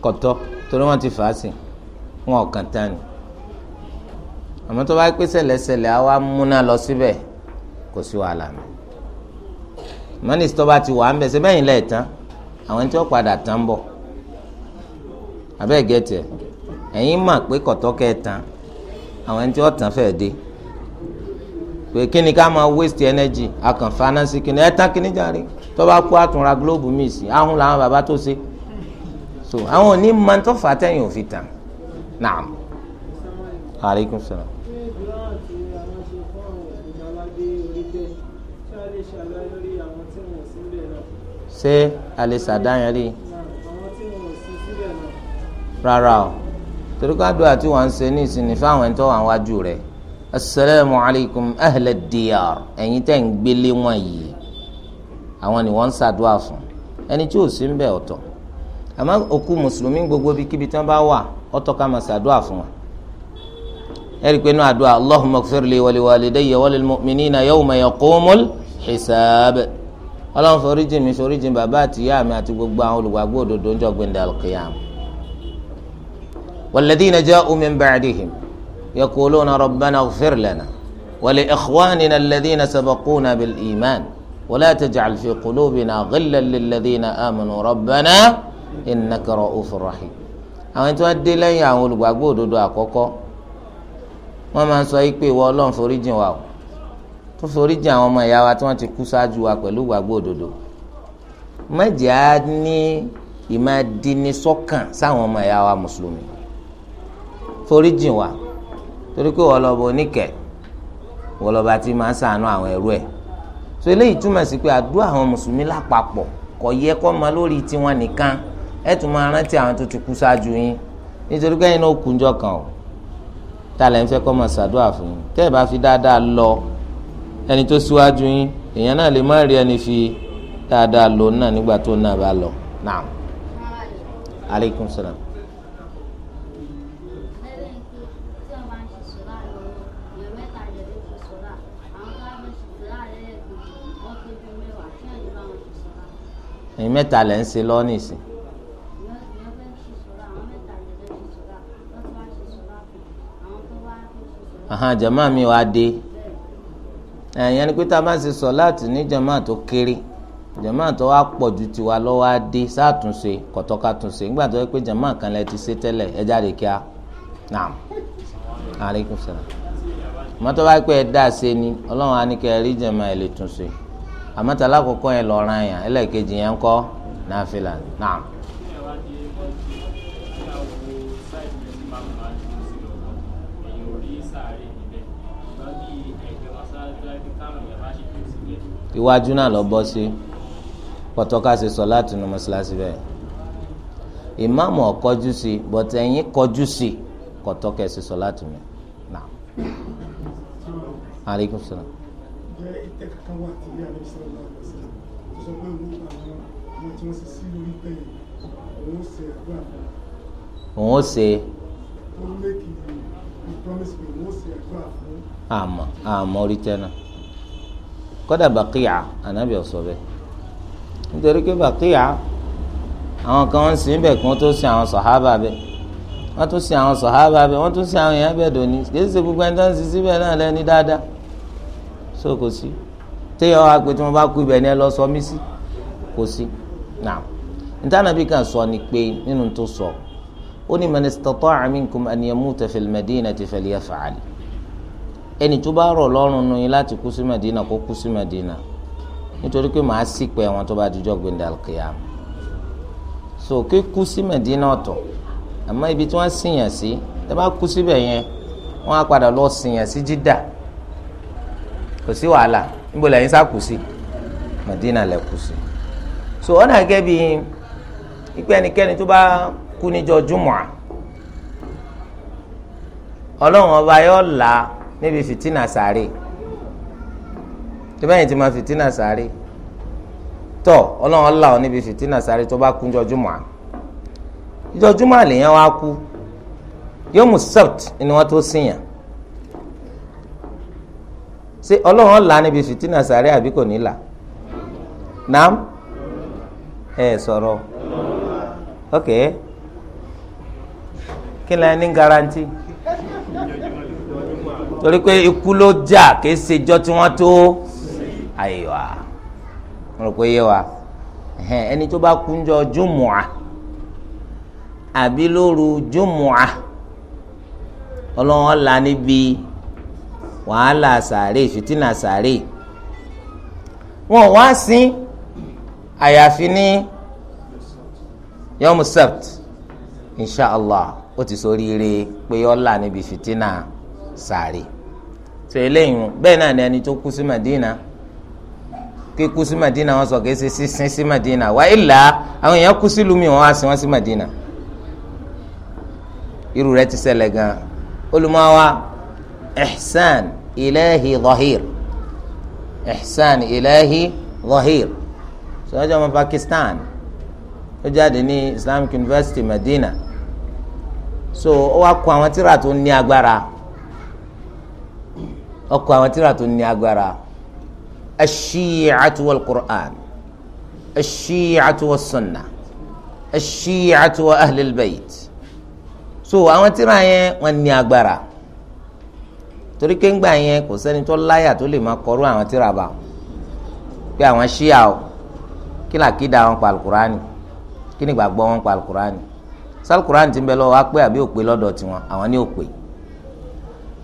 kọ̀tọ́ torí wọ́n ti fà á sí wọn ò kàn tán ni àmọ́ tó bá pé sẹ̀lẹ̀sẹ̀lẹ̀ á wá múná lọ síbẹ̀ kò sí wàhálà mi mọ́nìsì tó bá ti wà á ń bẹ̀ sẹ́bẹ̀yìn lẹ́ẹ̀tàn àwọn tí wọ́n padà tán bọ̀ abẹ́ẹ̀ gẹ̀tẹ̀ ẹ̀yin mà pé kọ̀tọ́ kẹtàn àwọn tí wọ́n tàn fẹ́ dé pé kí ni ká máa waste energy akànfà náà sí kí ni ẹ̀ tán kí ni jàre tó bá kú àtúnra gílóòbù mi sí ahun làwọn bàbá tó ṣe so àwọn òní máa ń tó fà á tẹ̀yìn òfin tàn naam aleykum salaam. ṣé a lè ṣàdáyàn rí rárá o torí ká dùn àti wọn ṣe ní ìsinmi fáwọn ẹni tó wà wájú rẹ asalaamu alaykum ahlẹ diyar ẹ̀yin tẹ́ ń gbélé wọn yìí àwọn ni wọ́n ń ṣàdúrà fún ẹni tí ò sí ń bẹ ọ̀tọ̀ àmọ́ òkú mùsùlùmí gbogbo bíi kíbi tí wọ́n bá wà ó tọ́ ká máa ṣàdúrà fún wọn. ẹ rí i pé inú àdúrà allahumma ighfir li wa li walidayya wa lil mu'minina yawma yaqumul hisab ọlọ́run foríjì mi foríjì bàbá àtìyá mi àti gbogbo àwọn olùgbàgbọ́ òdodo ń jọ gbẹ̀ndẹ̀ alqiyam. walladhina ja'u min ba'dihim yaquluna rabbana ighfir lana wa li ikhwanina alladhina sabaquna bil iman wa la innaka ra'ufur rahim àwọn tí wọ́n dé lẹ́yìn àwọn olùgbàgbọ́ òdodo àkọ́kọ́ wọ́n máa ń sọ yìí pé ìwọ ọlọ́run foríjìn wa o tó foríjìn àwọn ọmọ ìyá wa tí wọ́n ti kú ṣáájú wa pẹ̀lú ìgbàgbọ́ òdodo má jẹ́ á ní ìmáàdínísọ́kàn sáwọn ọmọ ìyá wa mùsùlùmí foríjìn wa torí pé wọ́n lọ́ọ́ bọ oníkẹ́ wọ́n lọ́ọ́ bá ti máa ń sàánú àwọn ẹrú ẹ̀ so eléyìí túmọ̀ sí pé àdúrà àwọn mùsùlùmí lápapọ̀ kò yẹ kó máa lórí tiwọn nìkan ẹ tún máa rántí àwọn tó ti kú ṣáájú yín nítorí pé ẹ̀yin náà kú njọ́ kan o tá a lè ń fẹ́ kọ́ máa ṣàdúrà fún yín tẹ́ ẹ bá fi dáadáa lọ ẹni tó síwájú yín èèyàn náà lè má rí ẹni fi dáadáa lò náà nígbà tó náà bá lọ náà aleykum salaam. ẹ̀yin mẹ́ta lẹ́ ń ṣe lọ́ọ́ nìsín. àhàn jama mi wa dé ẹ̀yẹn ni pé tá a bá ṣe sọ láti ní jama tó kéré jama tó wá pọ̀ ju tiwa lọ́wọ́ á dé sátúnṣe kọ̀tọ́ka nígbà tó yẹ pé jama kan lẹ ti ṣe tẹ́lẹ̀ ẹ jáde kíá naam aleykum salaam mọ́tò bá ni ọlọ́run á ní kẹ́ ẹ rí jama ẹ lè túnṣe lọ́ọ́ iwájú náà lọ bọ́ sí pọ̀tọ́ká ṣe sọ láti nu mọ́ṣáláṣí bẹ́ẹ̀ ìmáàmù ọ̀kọ́jú sí bọ̀tẹ̀ ẹ̀yìn kọjú sí kọ̀tọ́kẹ́ ṣe sọ láti mi nà. aleykum òun ó ṣe àdúrà fún orí tẹ́ náà kọ́dà bàkìyà ànábì ọ̀sọ̀ bẹ́ẹ̀ nítorí pé bàkìyà àwọn kan ń sìn bẹ́ẹ̀ kí wọ́n tó sin àwọn sàhábà bẹ́ẹ̀ wọ́n tún sin àwọn sàhábà bẹ́ẹ̀ wọ́n tún sin àwọn èèyàn bẹ́ẹ̀ dòní kìí ṣe gbogbo ẹni tó ń sin síbẹ̀ náà lẹ́ni dáadáa so kò sí téèyàn wá pé tí wọ́n bá kú ibẹ̀ ni ẹ lọ sọ mí sí kò sí náà ntànàbí kan sọ ni pé nínú tó sọ ó ní man istata'a ẹni tó bá rọ̀ lọ́rùn nu yín láti kú sí Madina kó kú sí Madina nítorí pé màá sì pẹ́ wọn tó so kí kú sí Madina ọ̀tọ̀ ibi tí wọ́n sìyàn sí ẹ bá kú síbẹ̀ yẹn wọ́n á padà lọ sìyàn sí Jidda kò sí wàhálà níbo lẹ́yìn sá sí so ọ̀nà gẹ́gẹ́ bí ìpè ẹnikẹ́ni tó bá kú níjọ́ jùmọ̀ ọlọ́run ọba níbi fìtínà sáré tẹ́bẹ́yìn tí ma fìtínà sáré tọ́ ọlọ́run ọ̀la ọ níbi fìtínà sáré tó bá kú jọjúmọ́ à jọjúmọ́ àlèyàn wa kú yóò mú sept ni wọ́n tó sìyàn ṣé ọlọ́run ọ̀la níbi fìtínà sáré àbí kò ní là nàám ẹ sọ̀rọ̀ ok kí ni ẹ ní garanti torí pé ikú ló jà kìí ṣe jọ́ tí wọ́n tó àyèwà wọ́n rò pé yé wa ẹni tó bá kú ńjọ́ jùmùà àbí lóru jùmùà ọlọ́wọ́n la níbi wàhálà sàárè fìtínà sàárè wọn wá sí àyàfi ní yọmù sept inshàlá ó ti sọ ríire pé ọlà níbi fìtínà sàárè sọ eléyìí bẹ́ẹ̀ náà ni ẹni tó kú sí Madina kíkú sí Madina wọ́n sọ kìí ṣe sísin sí Madina wá ìlà àwọn èèyàn kú sí lumi wọ́n á sin wọ́n sí Madina irú rẹ̀ ti ṣẹlẹ̀ gan olùmọ̀wá ihsan ilahi zahir ihsan ilahi zahir sọ́jọ́ ọmọ Pakistan ó jáde ní Islamic University Madina so ó wá kọ àwọn tíra tó ní agbára ọkọ àwọn tíra tó ní agbára ash-shi'atu wal-Qur'an ash-shi'atu was-sunnah ash-shi'atu wa ahlul bayt so àwọn tíra yẹn wọ́n ní agbára torí kéńgbà yẹn kò sẹ́ni tó láyà tó lè máa kọrú àwọn tíra bá pé àwọn ṣíà o kí làkídà wọn pa alukurani kí ni gbàgbọ́ wọn pa alukurani sálùkùránì ti ń bẹ lọ́wọ́ á pé àbí òpè lọ́dọ̀ tiwọn àwọn ní òpè.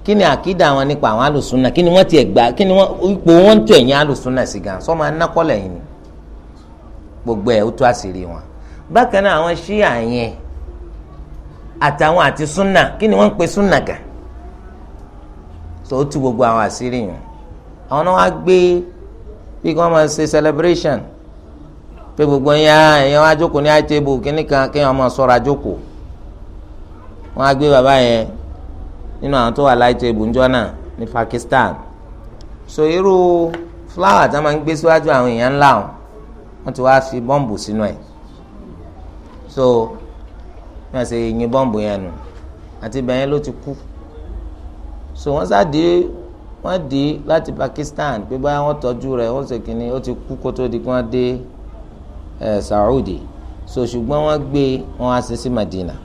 kí ni àkídà wọn nípa àwọn alùsùnà kí ni ti gbà kí ni ipò wọn tó ẹ̀yìn alùsùnà sí gan na anákọ́lẹ̀ yìí ni gbogbo ẹ̀ ó tó àṣírí wọn bákan náà àwọn ṣíà yẹn àtàwọn àti súnà kí pe súnà gan tó gbogbo àwọn àṣírí yẹn àwọn náà wá gbé bí wọn máa ṣe celebration pé gbogbo yẹn ah, ẹ̀yàn ajókòó ní àìtẹ́bù kíníkan kéèyàn máa á gbé bàbá nínú àwọn tó wà láìtó ibùjọ́ náà ní Pakistan so irú fúláwà tí wọ́n máa ń gbé síwájú àwọn èèyàn ńlá wọn wọ́n ti wá fi bọ́ǹbù sínú ẹ̀ so wọ́n ṣe yin bọ́ǹbù yẹn nù àti bẹ́ẹ̀ ló ti kú so wọ́n sáde wọ́n dé láti Pakistan pé báyà wọ́n tọ́jú rẹ̀ wọ́n ṣe kínní ó ti kú kó tó di kí wọ́n dé Saudi so ṣùgbọ́n wọ́n gbé wọn á ṣe sí Madina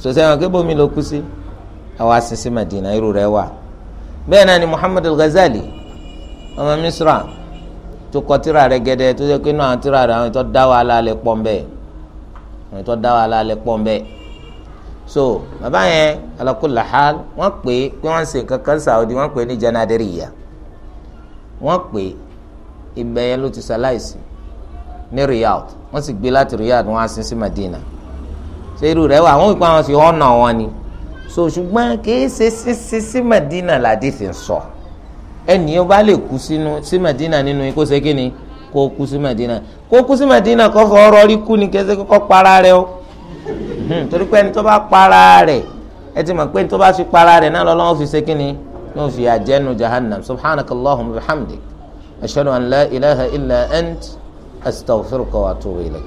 so sẹ́wọ̀n kébòmí ló kú sí. Si àwa sin sí Madina irú rẹ̀ wà bẹ́ẹ̀ náà ni Muhammad al-Ghazali ọmọ Misra tó kọ tírà rẹ̀ gẹ́dẹ́ tó jẹ́ pé náà àwọn tírà rẹ̀ àwọn ètò dá wàhálà alẹ́ pọ̀ àwọn ètò dá wàhálà alẹ́ pọ̀ so bàbá yẹn ala kulli hal wọ́n pè é pé wọ́n ń ṣe kankan Saudi wọ́n pè é ní Janadiriya wọ́n pè é ibẹ̀ yẹn ló ti ṣaláìsí ní Riyadh wọ́n sì gbé láti Riyadh wọ́n á Madina ṣé irú rẹ̀ wà wọ́n fi hàn náà wọn ni so ṣùgbọ́n kìí ṣe sísí sí Madina làdí fi sọ ẹnì yẹn bá lè kú sínú sí Madina nínú ikú ṣe kí ni kó kú sí Madina kó kú sí Madina kó fọ ọrọ rí kú ni kẹsẹ kó para rẹ o hmm, torí pé ẹni tó bá para rẹ ẹ ti mọ̀ pé ẹni tó bá fi para rẹ náà lọ́wọ́ fi ṣe kí yóò fi àjẹnu jahannam subhanakallahumma wa bihamdik an la ilaha illa ant astaghfiruka wa atubu ilayk.